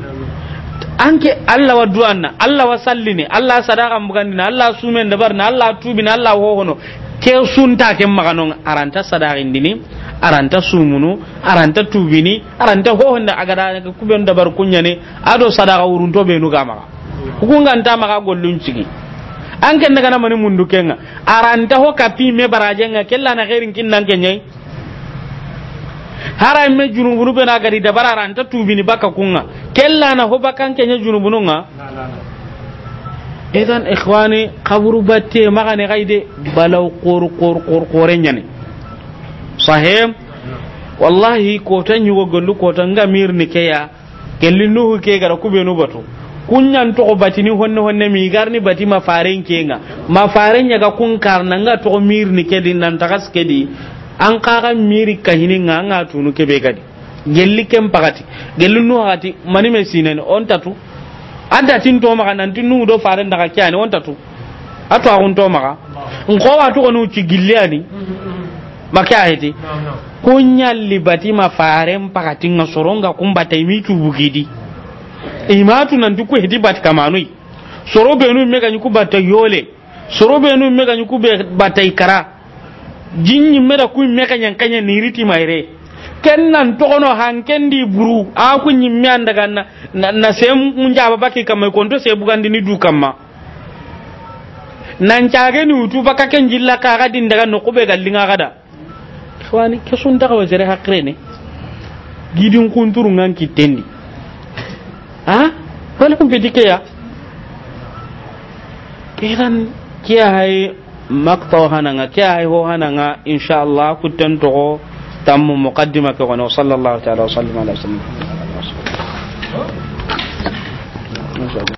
an ke Allah wa du'an na Allah wa salli ne Allah sadaka mugandi na Allah sumen bar na Allah tubi na Allah hohono ke sun ta ke maganon aranta sadarin dini aranta sumunu aranta tubini aranta hohonda agada kuben dabar ne. ado sadaka to benu gamaga hukunganta maka gollun ciki. an ken daga namani mundu kenga aranta ho kapi me nga kella na gairin kin nan kenyai hara me junubunu bena gari dabar aranta tubini baka kunga kella na ho bakan kenya nga idan ikhwani qabru batte magane gaide balaw qur qur qor qorenyani sahim wallahi kotan yugo gollu kotan ga ke keya gelli nuhu ke gara kubenu batu kunyan to ni honne honne mi garni bati ma faren nga ma faren ga kun karna nga to ke din nan tagas di an ka kaga miri kahini nga nga tunu ga gadi gelli kem pagati gelli nuhu hati mani me sinen on tatu anda tin to ma kan tin nuhu do faren daga kyani on tatu ato agun to maka ko wa to nu ci gilliani mm-hmm. maka heti kunya libati ma faren pakati nga soronga kumba taimi cubugidi imatu nan duku hedi batika manui sorobe benu mega nyuku bata yole sorobe benu mega nyuku bata ikara jinyi mera ku mega nyankanya niriti maire kennan togono hankendi buru aku ku nyimme na na sem munja babaki kama konto se bugandi ni du kamma nan caage ni utu baka ken jilla kaga dindaga no kube gallinga kada tuani kesun daga wajere hakrene gidin kunturu ngan kitendi ha wala kun bidike ya kiran kiya hay makta kiya hay ho hananga insha Allah tammu muqaddima ka sallallahu ta'ala wa sallam ala sallam